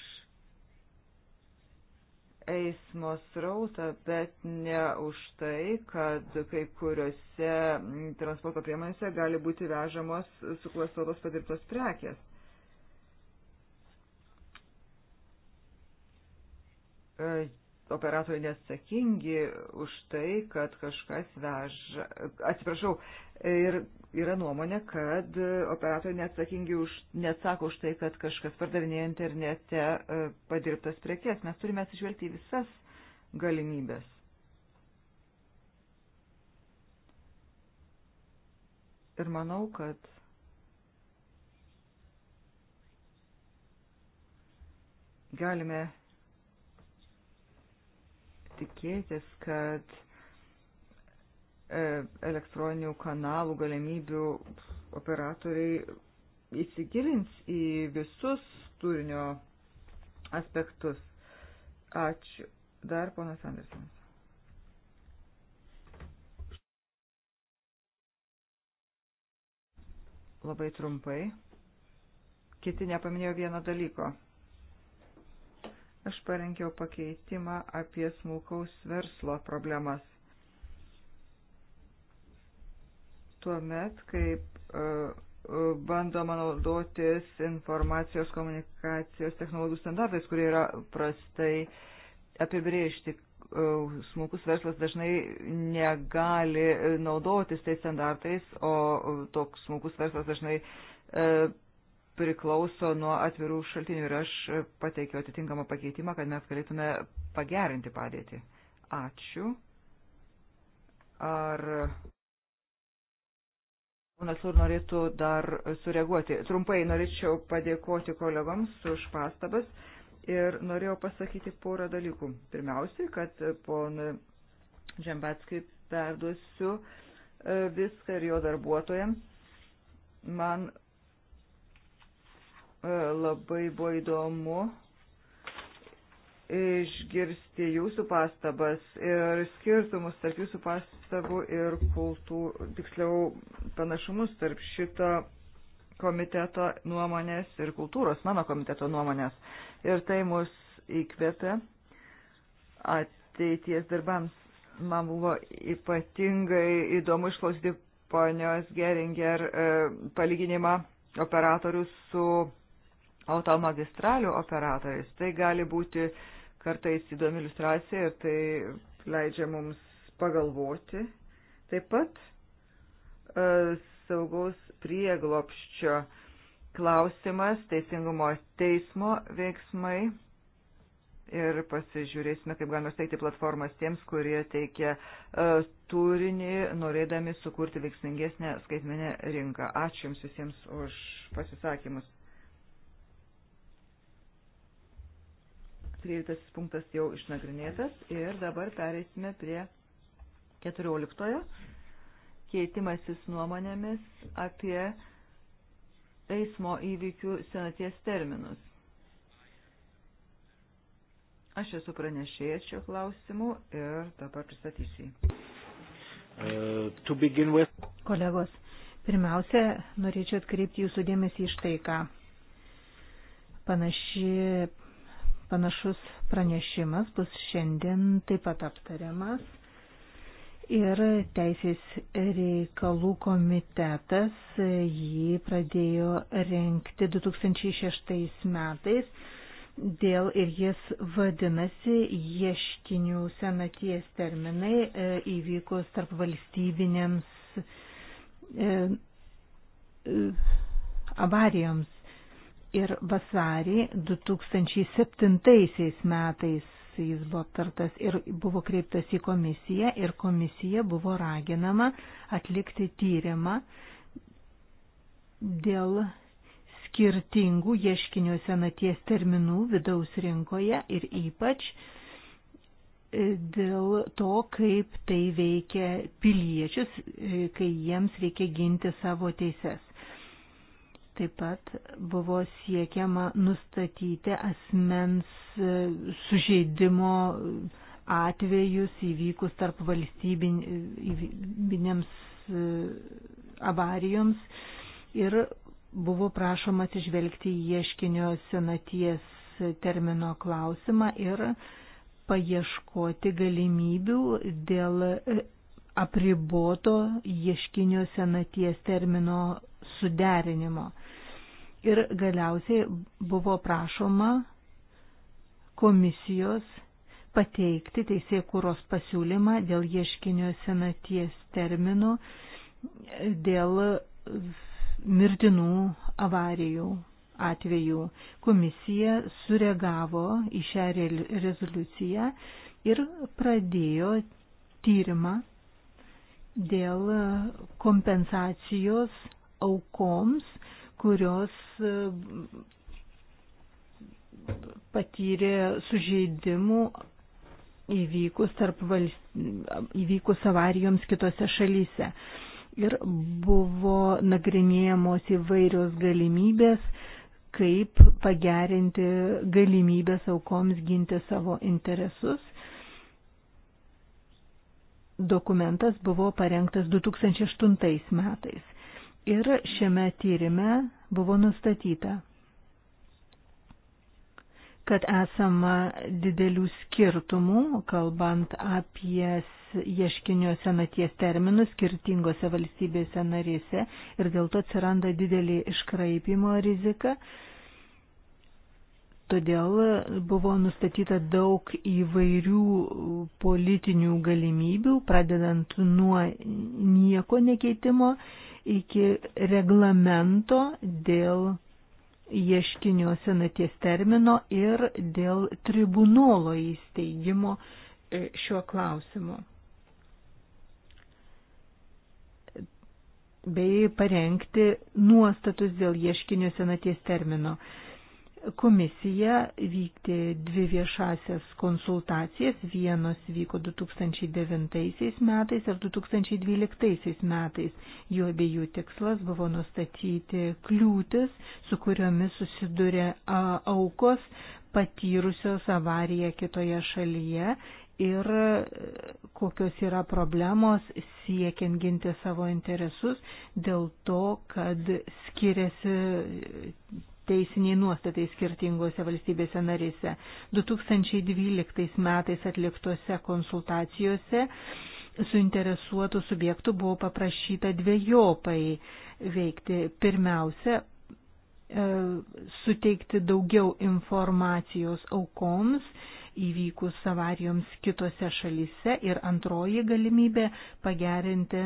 [SPEAKER 2] eismo srautą, bet ne už tai, kad kai kuriuose transporto priemonėse gali būti vežamos suklastotos padirbtos prekės operatoriai neatsakingi už tai, kad kažkas veža, atsiprašau, ir yra nuomonė, kad operatoriai neatsakingi už, neatsako už tai, kad kažkas pardavinėja internete e, padirbtas prekes. Mes turime atsižvelgti į visas galimybės. Ir manau, kad galime tikėtis, kad e, elektroninių kanalų galimybių operatoriai įsigilins į visus turinio aspektus. Ačiū. Dar ponas Andersonas. Labai trumpai. Kiti nepaminėjo vieno dalyko aš parengiau pakeitimą apie smulkaus verslo problemas. Tuomet, kaip e, e, bandoma naudotis informacijos komunikacijos technologijų standartais, kurie yra prastai apibrėžti, e, smulkus verslas dažnai negali naudotis tais standartais, o toks smulkus verslas dažnai priklauso nuo atvirų šaltinių ir aš pateikiau atitinkamą pakeitimą, kad mes galėtume pagerinti padėtį. Ačiū. Ar Ponas Lur norėtų dar sureaguoti. Trumpai norėčiau padėkoti kolegoms už pastabas ir norėjau pasakyti porą dalykų. Pirmiausiai, kad ponui Džembatskui perduosiu e, viską ir jo darbuotojams. Man E, labai buvo įdomu išgirsti jūsų pastabas ir skirtumus tarp jūsų pastabų ir kultūrų, tiksliau panašumus tarp šito komiteto nuomonės ir kultūros, mano komiteto nuomonės. Ir tai mus įkvėpė ateities darbams. Man buvo ypatingai įdomu išklausyti ponios Geringer e, palyginimą operatorius su automagistralių operatoriais. Tai gali būti kartais įdomi iliustracija ir tai leidžia mums pagalvoti. Taip pat e, saugaus prieglopščio klausimas, teisingumo teismo veiksmai ir pasižiūrėsime, kaip galime steigti platformas tiems, kurie teikia e, turinį, norėdami sukurti veiksmingesnę skaitmenę rinką. Ačiū Jums visiems už pasisakymus. 13 punktas jau išnagrinėtas ir dabar pereisime prie 14. Keitimasis nuomonėmis apie eismo įvykių senaties terminus. Aš esu pranešėjęs šio klausimu ir dabar
[SPEAKER 1] pristatysiu. Uh, with...
[SPEAKER 4] Kolegos, pirmiausia, norėčiau atkreipti jūsų dėmesį iš tai, ką panaši Panašus pranešimas bus šiandien taip pat aptariamas. Ir Teisės reikalų komitetas jį pradėjo renkti 2006 metais. Dėl ir jis vadinasi ieškinių senaties terminai e, įvykus tarp valstybinėms e, e, avarijoms ir vasarį 2007 metais jis buvo aptartas ir buvo kreiptas į komisiją ir komisija buvo raginama atlikti tyrimą dėl skirtingų ieškinio senaties terminų vidaus rinkoje ir ypač e, dėl to, kaip tai veikia piliečius, e, kai jiems reikia ginti savo teises. Taip pat buvo siekiama nustatyti asmens e, sužeidimo atvejus įvykus tarp valstybinėms e, avarijoms ir buvo prašoma atsižvelgti į ieškinio senaties termino klausimą ir paieškoti galimybių dėl e, apriboto ieškinio senaties termino suderinimo. Ir galiausiai buvo prašoma komisijos pateikti teisėkūros pasiūlymą dėl ieškinio senaties termino dėl mirtinų avarijų atvejų. Komisija sureagavo į šią rezoliuciją ir pradėjo tyrimą dėl kompensacijos aukoms, kurios e, patyrė sužeidimų įvykus, tarp valst... įvykus avarijoms kitose šalyse. Ir buvo nagrinėjamos įvairios galimybės, kaip pagerinti galimybės aukoms ginti savo interesus dokumentas buvo parengtas 2008 metais ir šiame tyrime buvo nustatyta, kad esama didelių skirtumų, kalbant apie ieškinio senaties terminus skirtingose valstybėse narėse ir dėl to atsiranda didelį iškraipimo riziką Todėl buvo nustatyta daug įvairių politinių galimybių, pradedant nuo nieko nekeitimo iki reglamento dėl ieškinio senaties termino ir dėl tribunolo įsteigimo e, šiuo klausimu. bei parengti nuostatus dėl ieškinio senaties termino. Komisija vykdė dvi viešasias konsultacijas, vienos vyko 2009 metais ir 2012 metais. Jų abiejų tikslas buvo nustatyti kliūtis, su kuriomis susiduria aukos patyrusios avariją kitoje šalyje ir e, kokios yra problemos siekiant ginti savo interesus dėl to, kad skiriasi teisiniai nuostatai skirtingose valstybėse narėse. 2012 metais atliktose konsultacijose suinteresuotų subjektų buvo paprašyta dviejopai veikti. Pirmiausia, e, suteikti daugiau informacijos aukoms įvykus avarijoms kitose šalyse ir antroji galimybė pagerinti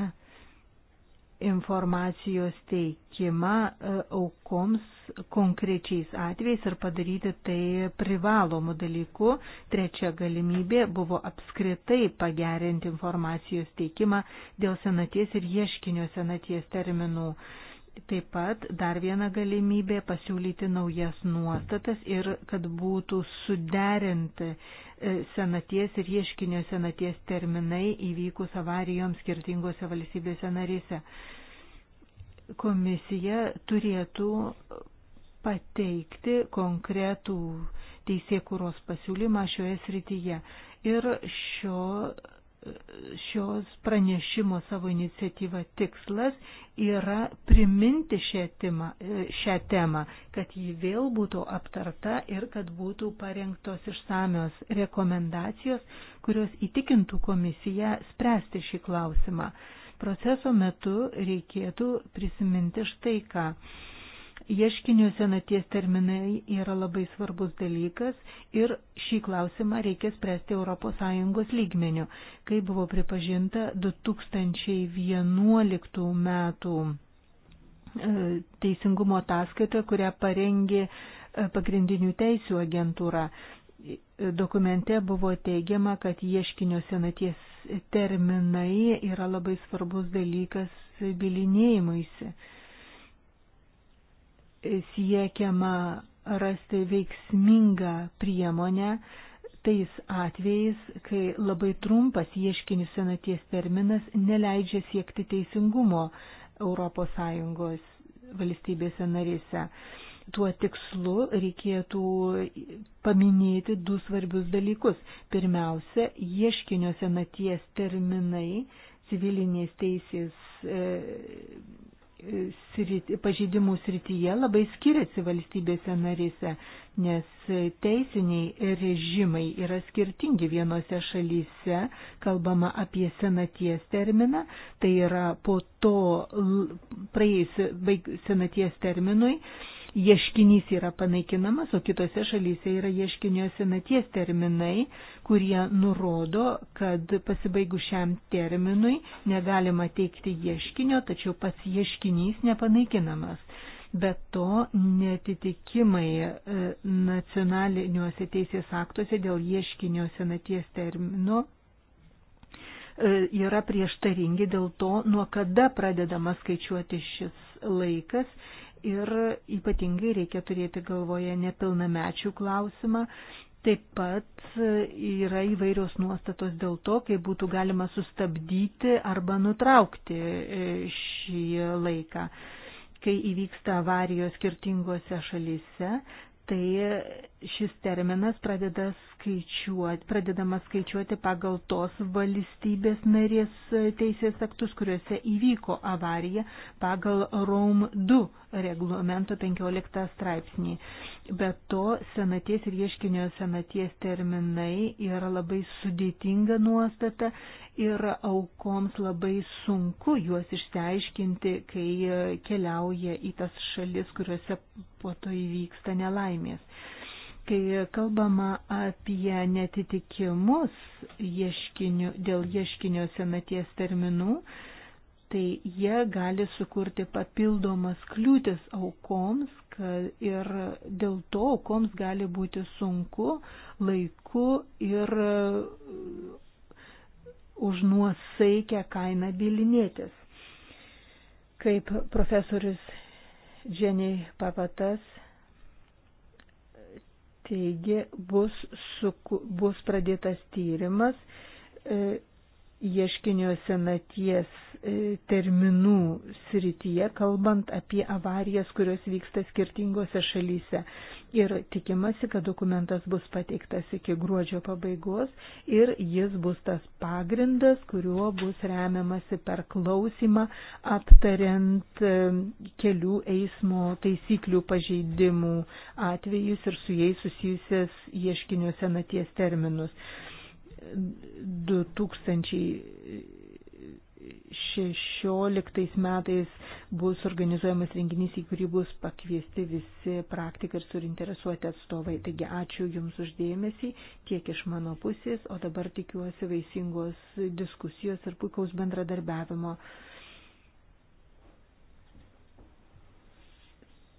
[SPEAKER 4] informacijos teikimą e, aukoms konkrečiais atvejais ir padaryti tai privalomų dalykų. Trečia galimybė buvo apskritai pagerinti informacijos teikimą dėl senaties ir ieškinio senaties terminų. Taip pat dar viena galimybė pasiūlyti naujas nuostatas ir kad būtų suderinti E, senaties ir ieškinio senaties terminai įvykus avarijoms skirtingose valstybėse narėse. Komisija turėtų pateikti konkretų teisėkūros pasiūlymą šioje srityje. Ir šio šios pranešimo savo iniciatyva tikslas yra priminti šią temą, e, šią temą, kad ji vėl būtų aptarta ir kad būtų parengtos išsamios rekomendacijos, kurios įtikintų komisiją spręsti šį klausimą. Proceso metu reikėtų prisiminti štai ką. Ieškinių senaties terminai yra labai svarbus dalykas ir šį klausimą reikia spręsti ES lygmeniu, kai buvo pripažinta 2011 metų e, teisingumo ataskaita, kurią parengė e, pagrindinių teisių agentūra. E, dokumente buvo teigiama, kad ieškinio senaties terminai yra labai svarbus dalykas bilinėjimuisi siekiama rasti veiksmingą priemonę tais atvejais, kai labai trumpas ieškinių senaties terminas neleidžia siekti teisingumo ES valstybėse narėse. Tuo tikslu reikėtų paminėti du svarbius dalykus. Pirmiausia, ieškinio senaties terminai civilinės teisės e, srit, pažeidimų srityje labai skiriasi valstybėse narėse, nes teisiniai režimai yra skirtingi vienose šalyse, kalbama apie senaties terminą, tai yra po to praėjus senaties terminui ieškinys yra panaikinamas, o kitose šalyse yra ieškinio senaties terminai, kurie nurodo, kad pasibaigus šiam terminui negalima teikti ieškinio, tačiau pats ieškinys nepanaikinamas. Be to, netitikimai e, nacionaliniuose teisės aktuose dėl ieškinio senaties termino E, yra prieštaringi dėl to, nuo kada pradedama skaičiuoti šis laikas ir ypatingai reikia turėti galvoje nepilnamečių klausimą. Taip pat e, yra įvairios nuostatos dėl to, kaip būtų galima sustabdyti arba nutraukti e, šį laiką. Kai įvyksta avarijos skirtingose šalyse, tai šis terminas pradeda skaičiuoti, pradedama skaičiuoti pagal tos valstybės narės e, teisės aktus, kuriuose įvyko avarija pagal ROM 2 reglamento 15 straipsnį. Be to, senaties ir ieškinio senaties terminai yra labai sudėtinga nuostata ir aukoms labai sunku juos išsiaiškinti, kai e, keliauja į tas šalis, kuriuose po to įvyksta nelaimės. Kai kalbama apie netitikimus ieškinių, dėl ieškinio senaties terminų, tai jie gali sukurti papildomas kliūtis aukoms ir dėl to aukoms gali būti sunku laiku ir e, už nuosaikę kainą bilinėtis. Kaip profesorius Dženiai Papatas Taigi bus, su, bus pradėtas tyrimas e, ieškinio senaties e, terminų srityje, kalbant apie avarijas, kurios vyksta skirtingose šalyse ir tikimasi, kad dokumentas bus pateiktas iki gruodžio pabaigos ir jis bus tas pagrindas, kuriuo bus remiamasi per klausimą aptariant kelių eismo taisyklių pažeidimų atvejus ir su jais susijusias ieškinio senaties terminus. 2000 2016 metais bus organizuojamas renginys, į kurį bus pakviesti visi praktikai ir surinteresuoti atstovai. Taigi ačiū Jums uždėmesį tiek iš mano pusės, o dabar tikiuosi vaisingos diskusijos ir puikaus bendradarbiavimo.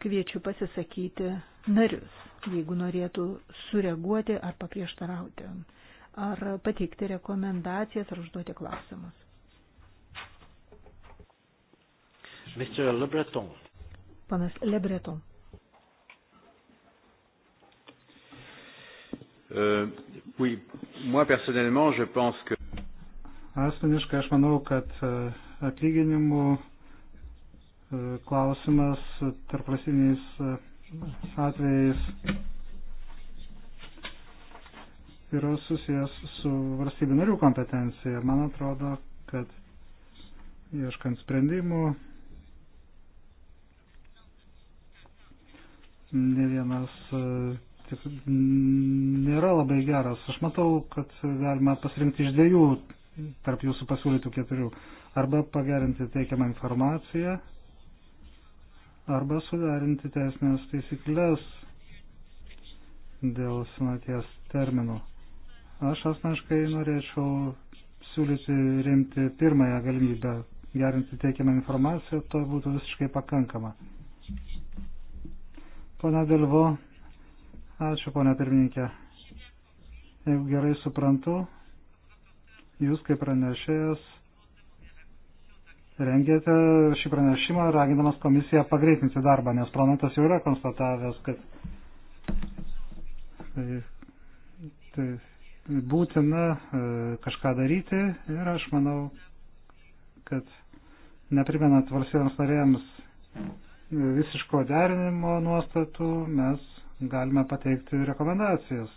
[SPEAKER 4] Kviečiu pasisakyti narius, jeigu norėtų sureaguoti ar paprieštarauti, ar pateikti rekomendacijas ar užduoti klausimus.
[SPEAKER 1] Mr. Le Breton.
[SPEAKER 4] Panas Le Breton.
[SPEAKER 1] Euh, oui, moi personnellement, je pense que.
[SPEAKER 3] Asmeniškai aš manau, kad e, atlyginimų e, klausimas e, tarplasiniais atvejais yra susijęs su valstybių narių kompetencija. Man atrodo, kad ieškant sprendimų ne vienas e, tik, nėra labai geras. Aš matau, kad galima pasirinkti iš dviejų tarp jūsų pasiūlytų keturių. Arba pagerinti teikiamą informaciją, arba sudarinti teisinės taisyklės dėl senaties terminų. Aš asmeniškai norėčiau siūlyti rimti pirmąją galimybę gerinti teikiamą informaciją, to būtų visiškai pakankama. Pana Delvo, ačiū, pana pirmininkė. Jeigu gerai suprantu, jūs kaip pranešėjas rengėte šį pranešimą, ragindamas komisiją pagreitinti darbą, nes planetas jau yra konstatavęs, kad tai, tai būtina e, kažką daryti ir aš manau, kad neprimenant valstybėms narėjams visiško derinimo nuostatų mes galime pateikti rekomendacijas.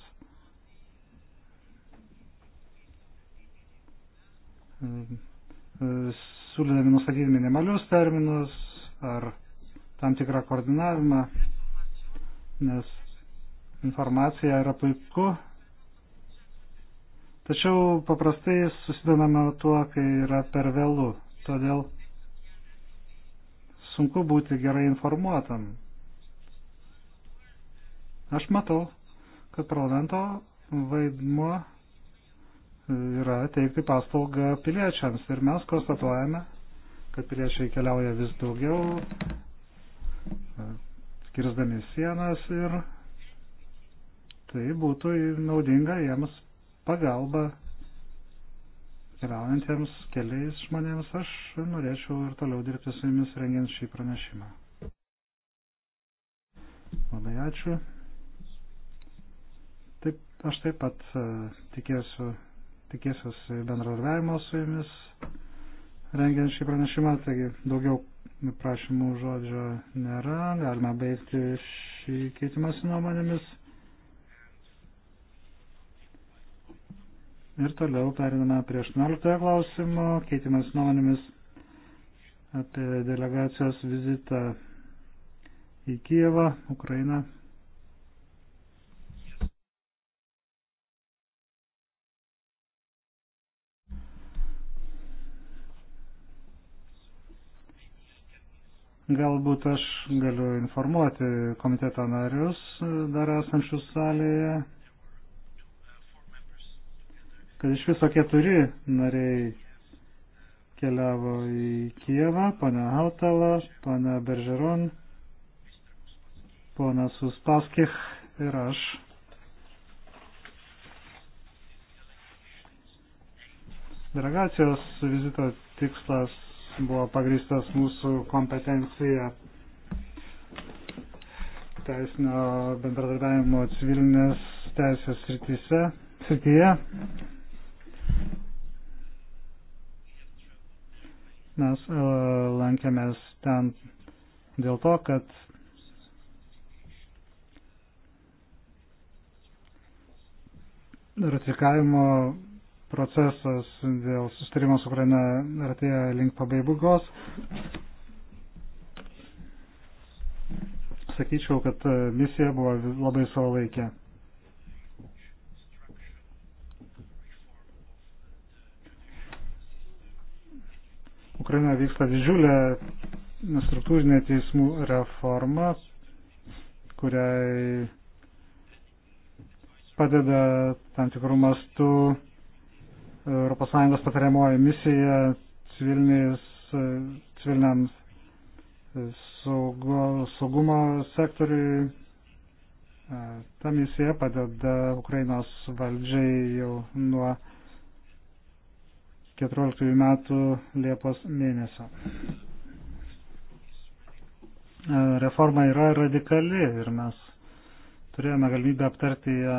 [SPEAKER 3] Ehm, siūlydami nustatyti minimalius terminus ar tam tikrą koordinavimą, nes informacija yra puiku. Tačiau paprastai susidomama tuo, kai yra per vėlų. Todėl sunku būti gerai informuotam. Aš matau, kad parlamento vaidmuo e, yra teikti paslaugą piliečiams ir mes konstatuojame, kad piliečiai keliauja vis daugiau, e, kirsdami sienas ir tai būtų naudinga jiems pagalba keliaujantiems keliais žmonėms, aš norėčiau ir toliau dirbti su jumis rengiant šį pranešimą. Labai ačiū. Taip, aš taip pat e, tikėsiu, tikėsiuosi bendradarbiavimo su jumis rengiant šį pranešimą, taigi daugiau prašymų žodžio nėra, galime baigti šį keitimąsi nuomonėmis. Ir toliau periname prie 18 klausimo, keitimas nuomonėmis apie delegacijos vizitą į Kijevą, Ukrainą. Galbūt aš galiu informuoti komiteto narius dar esančius salėje kad iš viso keturi nariai keliavo į Kievą, pana Hautala, pana Beržeron, ponas Uspaskich ir aš. Delegacijos vizito tikslas buvo pagristas mūsų kompetencija teisinio bendradarbiavimo civilinės teisės srityse, srityje. Mes e, lankėmės ten dėl to, kad ratifikavimo procesas dėl sustarimo su Ukraina artėja link pabaigos. Sakyčiau, kad misija buvo labai savalaikė. Vatikane vyksta didžiulė struktūrinė teismų reforma, kuriai padeda tam tikrų mastų ES patariamoji misija civiliniam saugo, saugumo sektoriui. Ta misija padeda Ukrainos valdžiai jau nuo 14 metų Liepos mėnesio. E, reforma yra radikali ir mes turėjome galimybę aptarti ją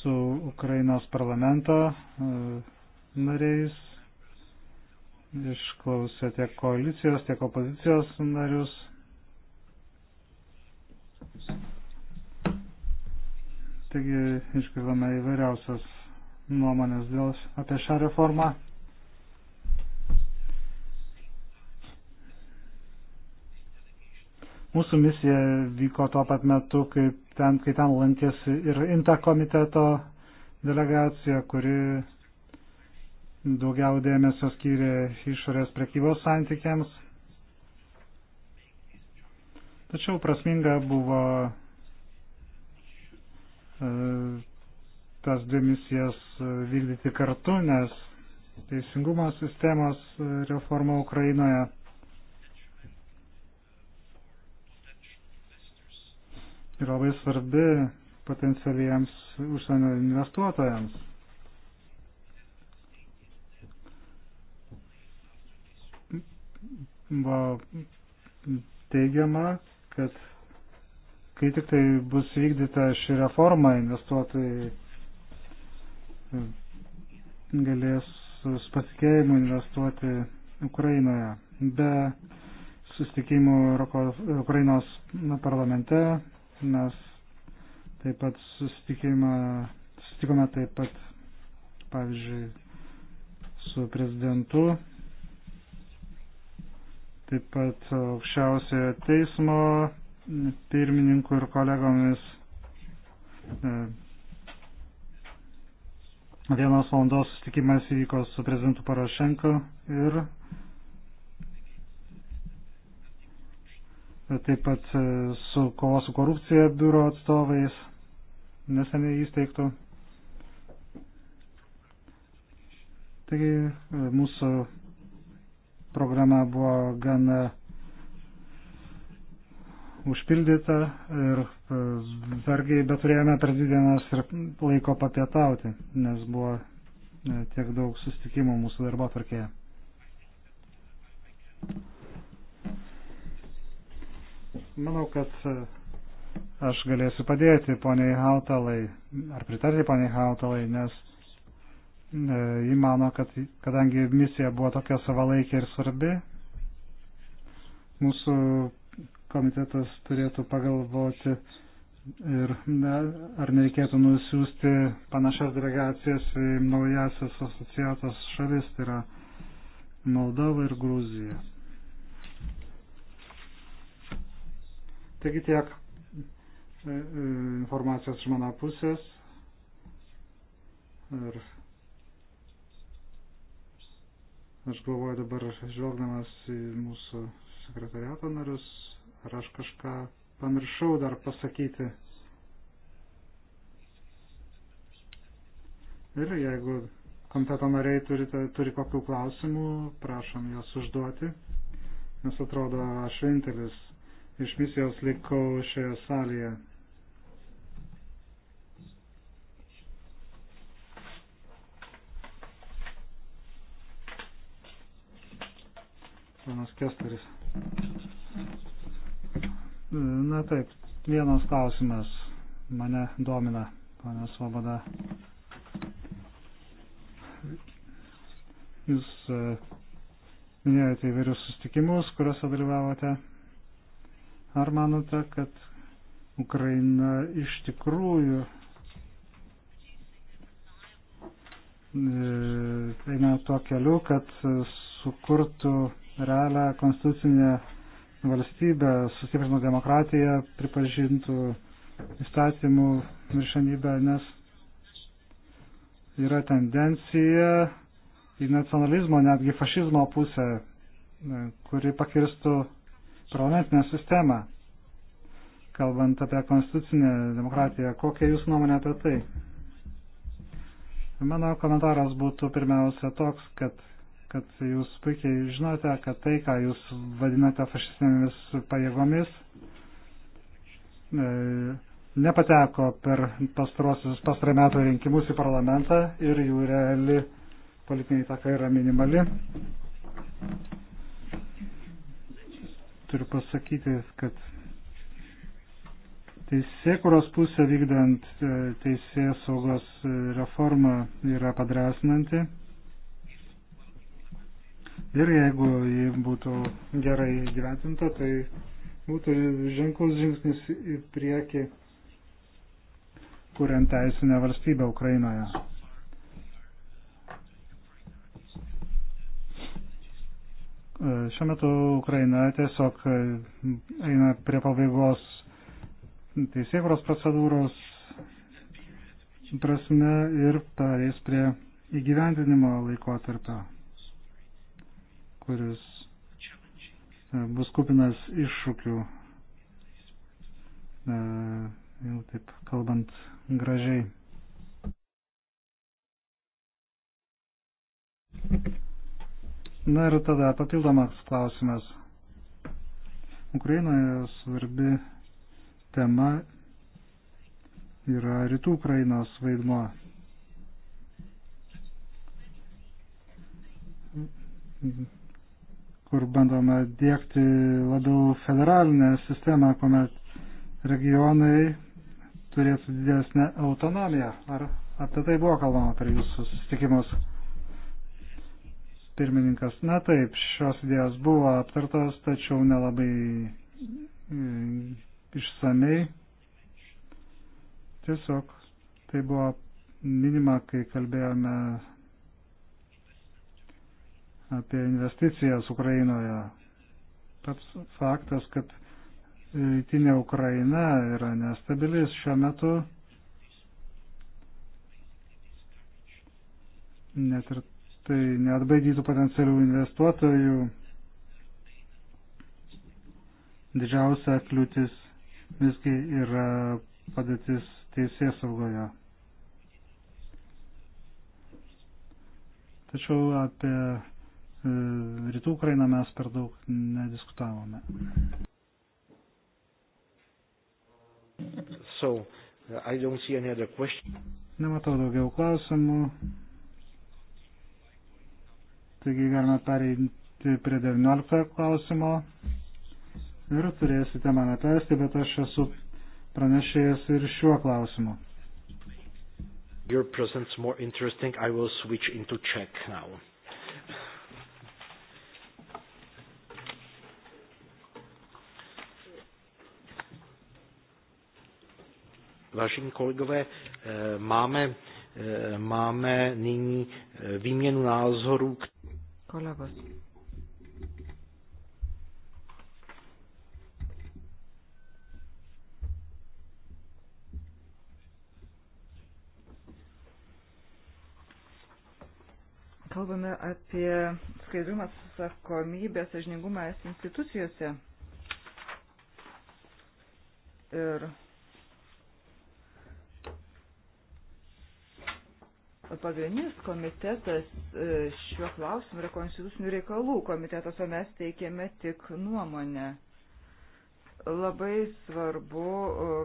[SPEAKER 3] su Ukrainos parlamento e, nariais. Išklausė tiek koalicijos, tiek opozicijos narius. Taigi išgirdome įvairiausias nuomonės dėl apie šią reformą. Mūsų misija vyko tuo pat metu, kai ten, kai ten lankėsi ir INTA komiteto delegacija, kuri daugiau dėmesio skyrė išorės prekybos santykiams. Tačiau prasminga buvo e, tas dvi misijas e, vykdyti kartu, nes teisingumo sistemos e, reforma Ukrainoje yra labai svarbi potencialiems užsienio investuotojams. Buvo teigiama, kad kai tik tai bus vykdyta ši reforma, investuotojai galės su pasikėjimu investuoti Ukrainoje. Be sustikimų Ukrainos parlamente mes taip pat sustikome taip pat, pavyzdžiui, su prezidentu, taip pat aukščiausiojo teismo pirmininku ir kolegomis e, Vienos valandos susitikimas įvyko su prezidentu Parašenko ir taip pat e, su kovo su korupcija biuro atstovais neseniai įsteigtų. Taigi e, mūsų programa buvo gana užpildyta ir e, vargiai beturėjome per dvi dienas ir laiko papietauti, nes buvo e, tiek daug sustikimų mūsų darbo tvarkėje. Manau, kad e, aš galėsiu padėti poniai Hautalai, ar pritarti poniai Hautalai, nes ji mano, kad kadangi misija buvo tokia savalaikė ir svarbi, mūsų komitetas turėtų pagalvoti ir ne, ar nereikėtų nusiųsti panašias delegacijas į naujasias asociatos šalis, tai yra Moldova ir Gruzija. Taigi tiek e, e, informacijos iš mano pusės. Ir aš galvoju dabar žvelgdamas į mūsų sekretariato narius, Ar aš kažką pamiršau dar pasakyti? Ir jeigu komiteto nariai turite, turi kokių klausimų, prašom juos užduoti, nes atrodo, aš vienintelis iš misijos likau šioje salėje. Ponas Kesteris. Na taip, vienas klausimas mane domina, ponė Svoboda. Jūs e, minėjote įvairius sustikimus, kuriuose dalyvavote. Ar manote, kad Ukraina iš tikrųjų e, eina tuo keliu, kad sukurtų realią konstitucinę valstybę, sustiprino demokratiją, pripažintų įstatymų viršenybę, nes yra tendencija į nacionalizmo, netgi fašizmo pusę, e, kuri pakirstų parlamentinę sistemą. Kalbant apie konstitucinę demokratiją, kokia jūs nuomonė apie tai? Mano komentaras būtų pirmiausia toks, kad kad jūs puikiai žinote, kad tai, ką jūs vadinate fašistinėmis pajėgomis, e, nepateko per pastarosius pastarą metų rinkimus į parlamentą ir jų reali politinė įtaka yra minimali. Turiu pasakyti, kad teisėkuros pusė vykdant e, teisės saugos e, reformą yra padrasnanti. Ir jeigu ji būtų gerai gyventinta, tai būtų ženklus žingsnis į priekį, kuriant teisinę valstybę Ukrainoje. E, šiuo metu Ukraina tiesiog eina prie pabaigos teisėkros procedūros prasme ir perės prie įgyvendinimo laikotarpio kuris e, bus kupinas iššūkių, e, jau taip kalbant gražiai. Na ir tada papildomas klausimas. Ukrainoje svarbi tema yra rytų Ukrainos vaidmo. Mm-hmm kur bandoma dėkti labiau federalinę sistemą, kuomet regionai turėtų didesnę autonomiją. Ar apie tai buvo kalbama per jūsų susitikimus? Pirmininkas, na taip, šios idėjos buvo aptartos, tačiau nelabai mm, išsamei. Tiesiog tai buvo minima, kai kalbėjome apie investicijas Ukrainoje. Pats faktas, kad rytinė Ukraina yra nestabilis šiuo metu, net ir tai neatbaidytų potencialių investuotojų. Didžiausia kliūtis visgi yra padėtis teisės saugoje. Tačiau apie E, rytų Ukrainą mes per daug nediskutavome.
[SPEAKER 1] So, I don't see any other question.
[SPEAKER 3] Nematau daugiau klausimų. Taigi galime pereiti prie 19 klausimo. Ir turėsite mane tęsti, bet aš esu pranešėjęs ir šiuo klausimu.
[SPEAKER 1] Your presence more interesting. I will switch into Czech now. Vážení kolegové, eh, máme, eh, máme nyní eh, výměnu názorů.
[SPEAKER 2] Kolegos. Kalbame apie skaidrumą, atsakomybę, sažiningumą institucijose. Ir pagrindinis komitetas e, šiuo klausimu yra konstitucinių reikalų komitetas, o mes teikėme tik nuomonę. Labai svarbu e,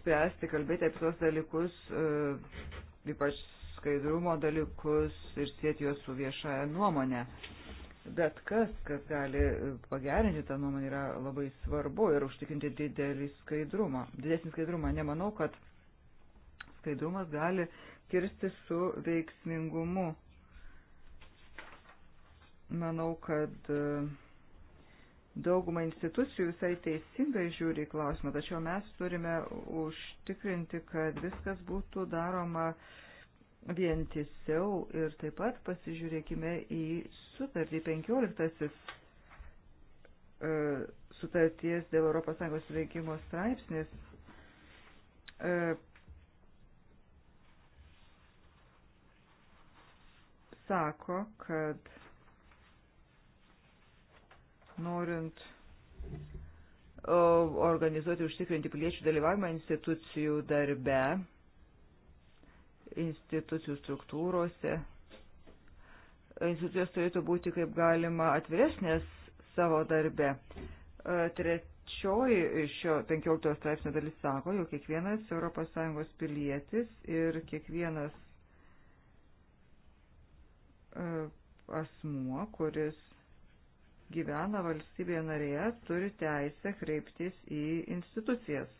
[SPEAKER 2] spręsti, kalbėti apie tos dalykus, e, ypač skaidrumo dalykus ir sėti juos su viešaja nuomonė. Bet kas, kas gali pagerinti tą nuomonę, yra labai svarbu ir užtikrinti didelį skaidrumą. Didesnį skaidrumą. Nemanau, kad skaidrumas gali kirsti su veiksmingumu. Manau, kad e, dauguma institucijų visai teisingai žiūri į klausimą, tačiau mes turime užtikrinti, kad viskas būtų daroma vientisiau ir taip pat pasižiūrėkime į sutartį 15 e, sutarties dėl ES veikimo straipsnis e, sako, kad norint organizuoti užtikrinti piliečių dalyvavimą institucijų darbe, institucijų struktūrose. Institucijos turėtų būti kaip galima atviresnės savo darbe. E, trečioji šio 15 straipsnio dalis sako, jog kiekvienas ES pilietis ir kiekvienas E, asmuo, kuris gyvena valstybėje narėje, turi teisę kreiptis į institucijas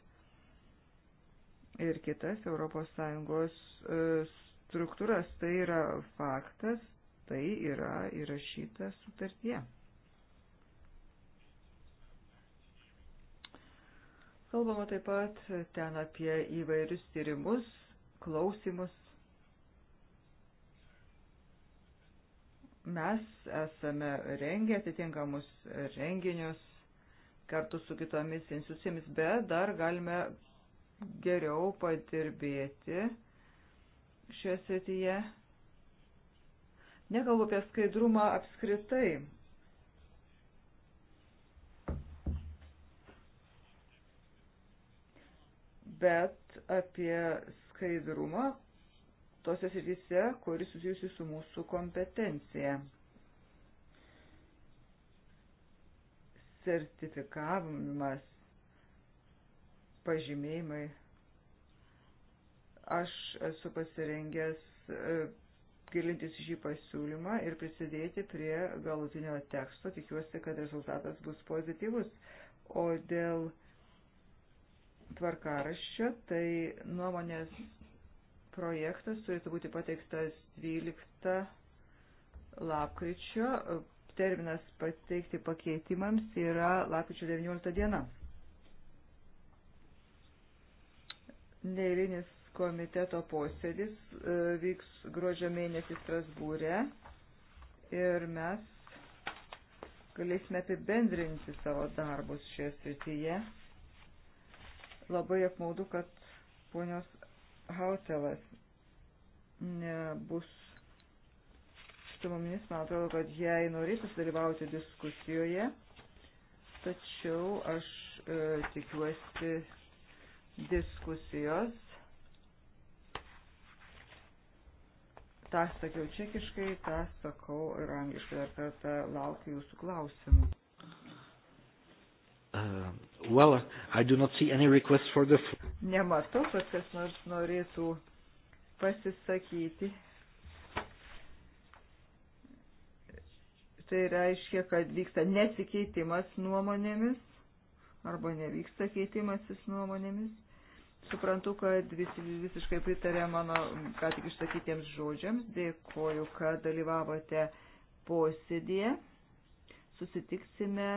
[SPEAKER 2] ir kitas ES e, struktūras. Tai yra faktas, tai yra įrašyta sutartie. Kalbama taip pat ten apie įvairius tyrimus, klausimus, Mes esame rengę atitinkamus renginius kartu su kitomis institucijomis, bet dar galime geriau padirbėti šioje srityje. Nekalbu apie skaidrumą apskritai. Bet apie skaidrumą, tose srityse, kuris susijusi su mūsų kompetencija. Sertifikavimas, pažymėjimai. Aš esu pasirengęs e, gilintis šį pasiūlymą ir prisidėti prie galutinio teksto. Tikiuosi, kad rezultatas bus pozityvus. O dėl tvarkaraščio, tai nuomonės projektas turėtų būti pateiktas 12 lapkričio. Terminas pateikti pakeitimams yra lapkričio 19 diena. Neįlinis komiteto posėdis e, vyks gruodžio mėnesį Strasbūrė ir mes galėsime apibendrinti savo darbus šioje srityje. Labai apmaudu, kad ponios Hautelas nebus su mumis, man atrodo, kad jai norėtų dalyvauti diskusijoje, tačiau aš e, tikiuosi diskusijos. Ta sakiau čekiškai, tą sakau ir angliškai, dar kartą laukiu jūsų klausimų.
[SPEAKER 1] Uh, well, I do not see any request for the floor.
[SPEAKER 2] Nematau, kad kas nors norėtų pasisakyti. Tai reiškia, kad vyksta nesikeitimas nuomonėmis arba nevyksta keitimasis nuomonėmis. Suprantu, kad visi visiškai pritarė mano ką tik išsakytiems žodžiams. Dėkoju, kad dalyvavote posėdėje. Susitiksime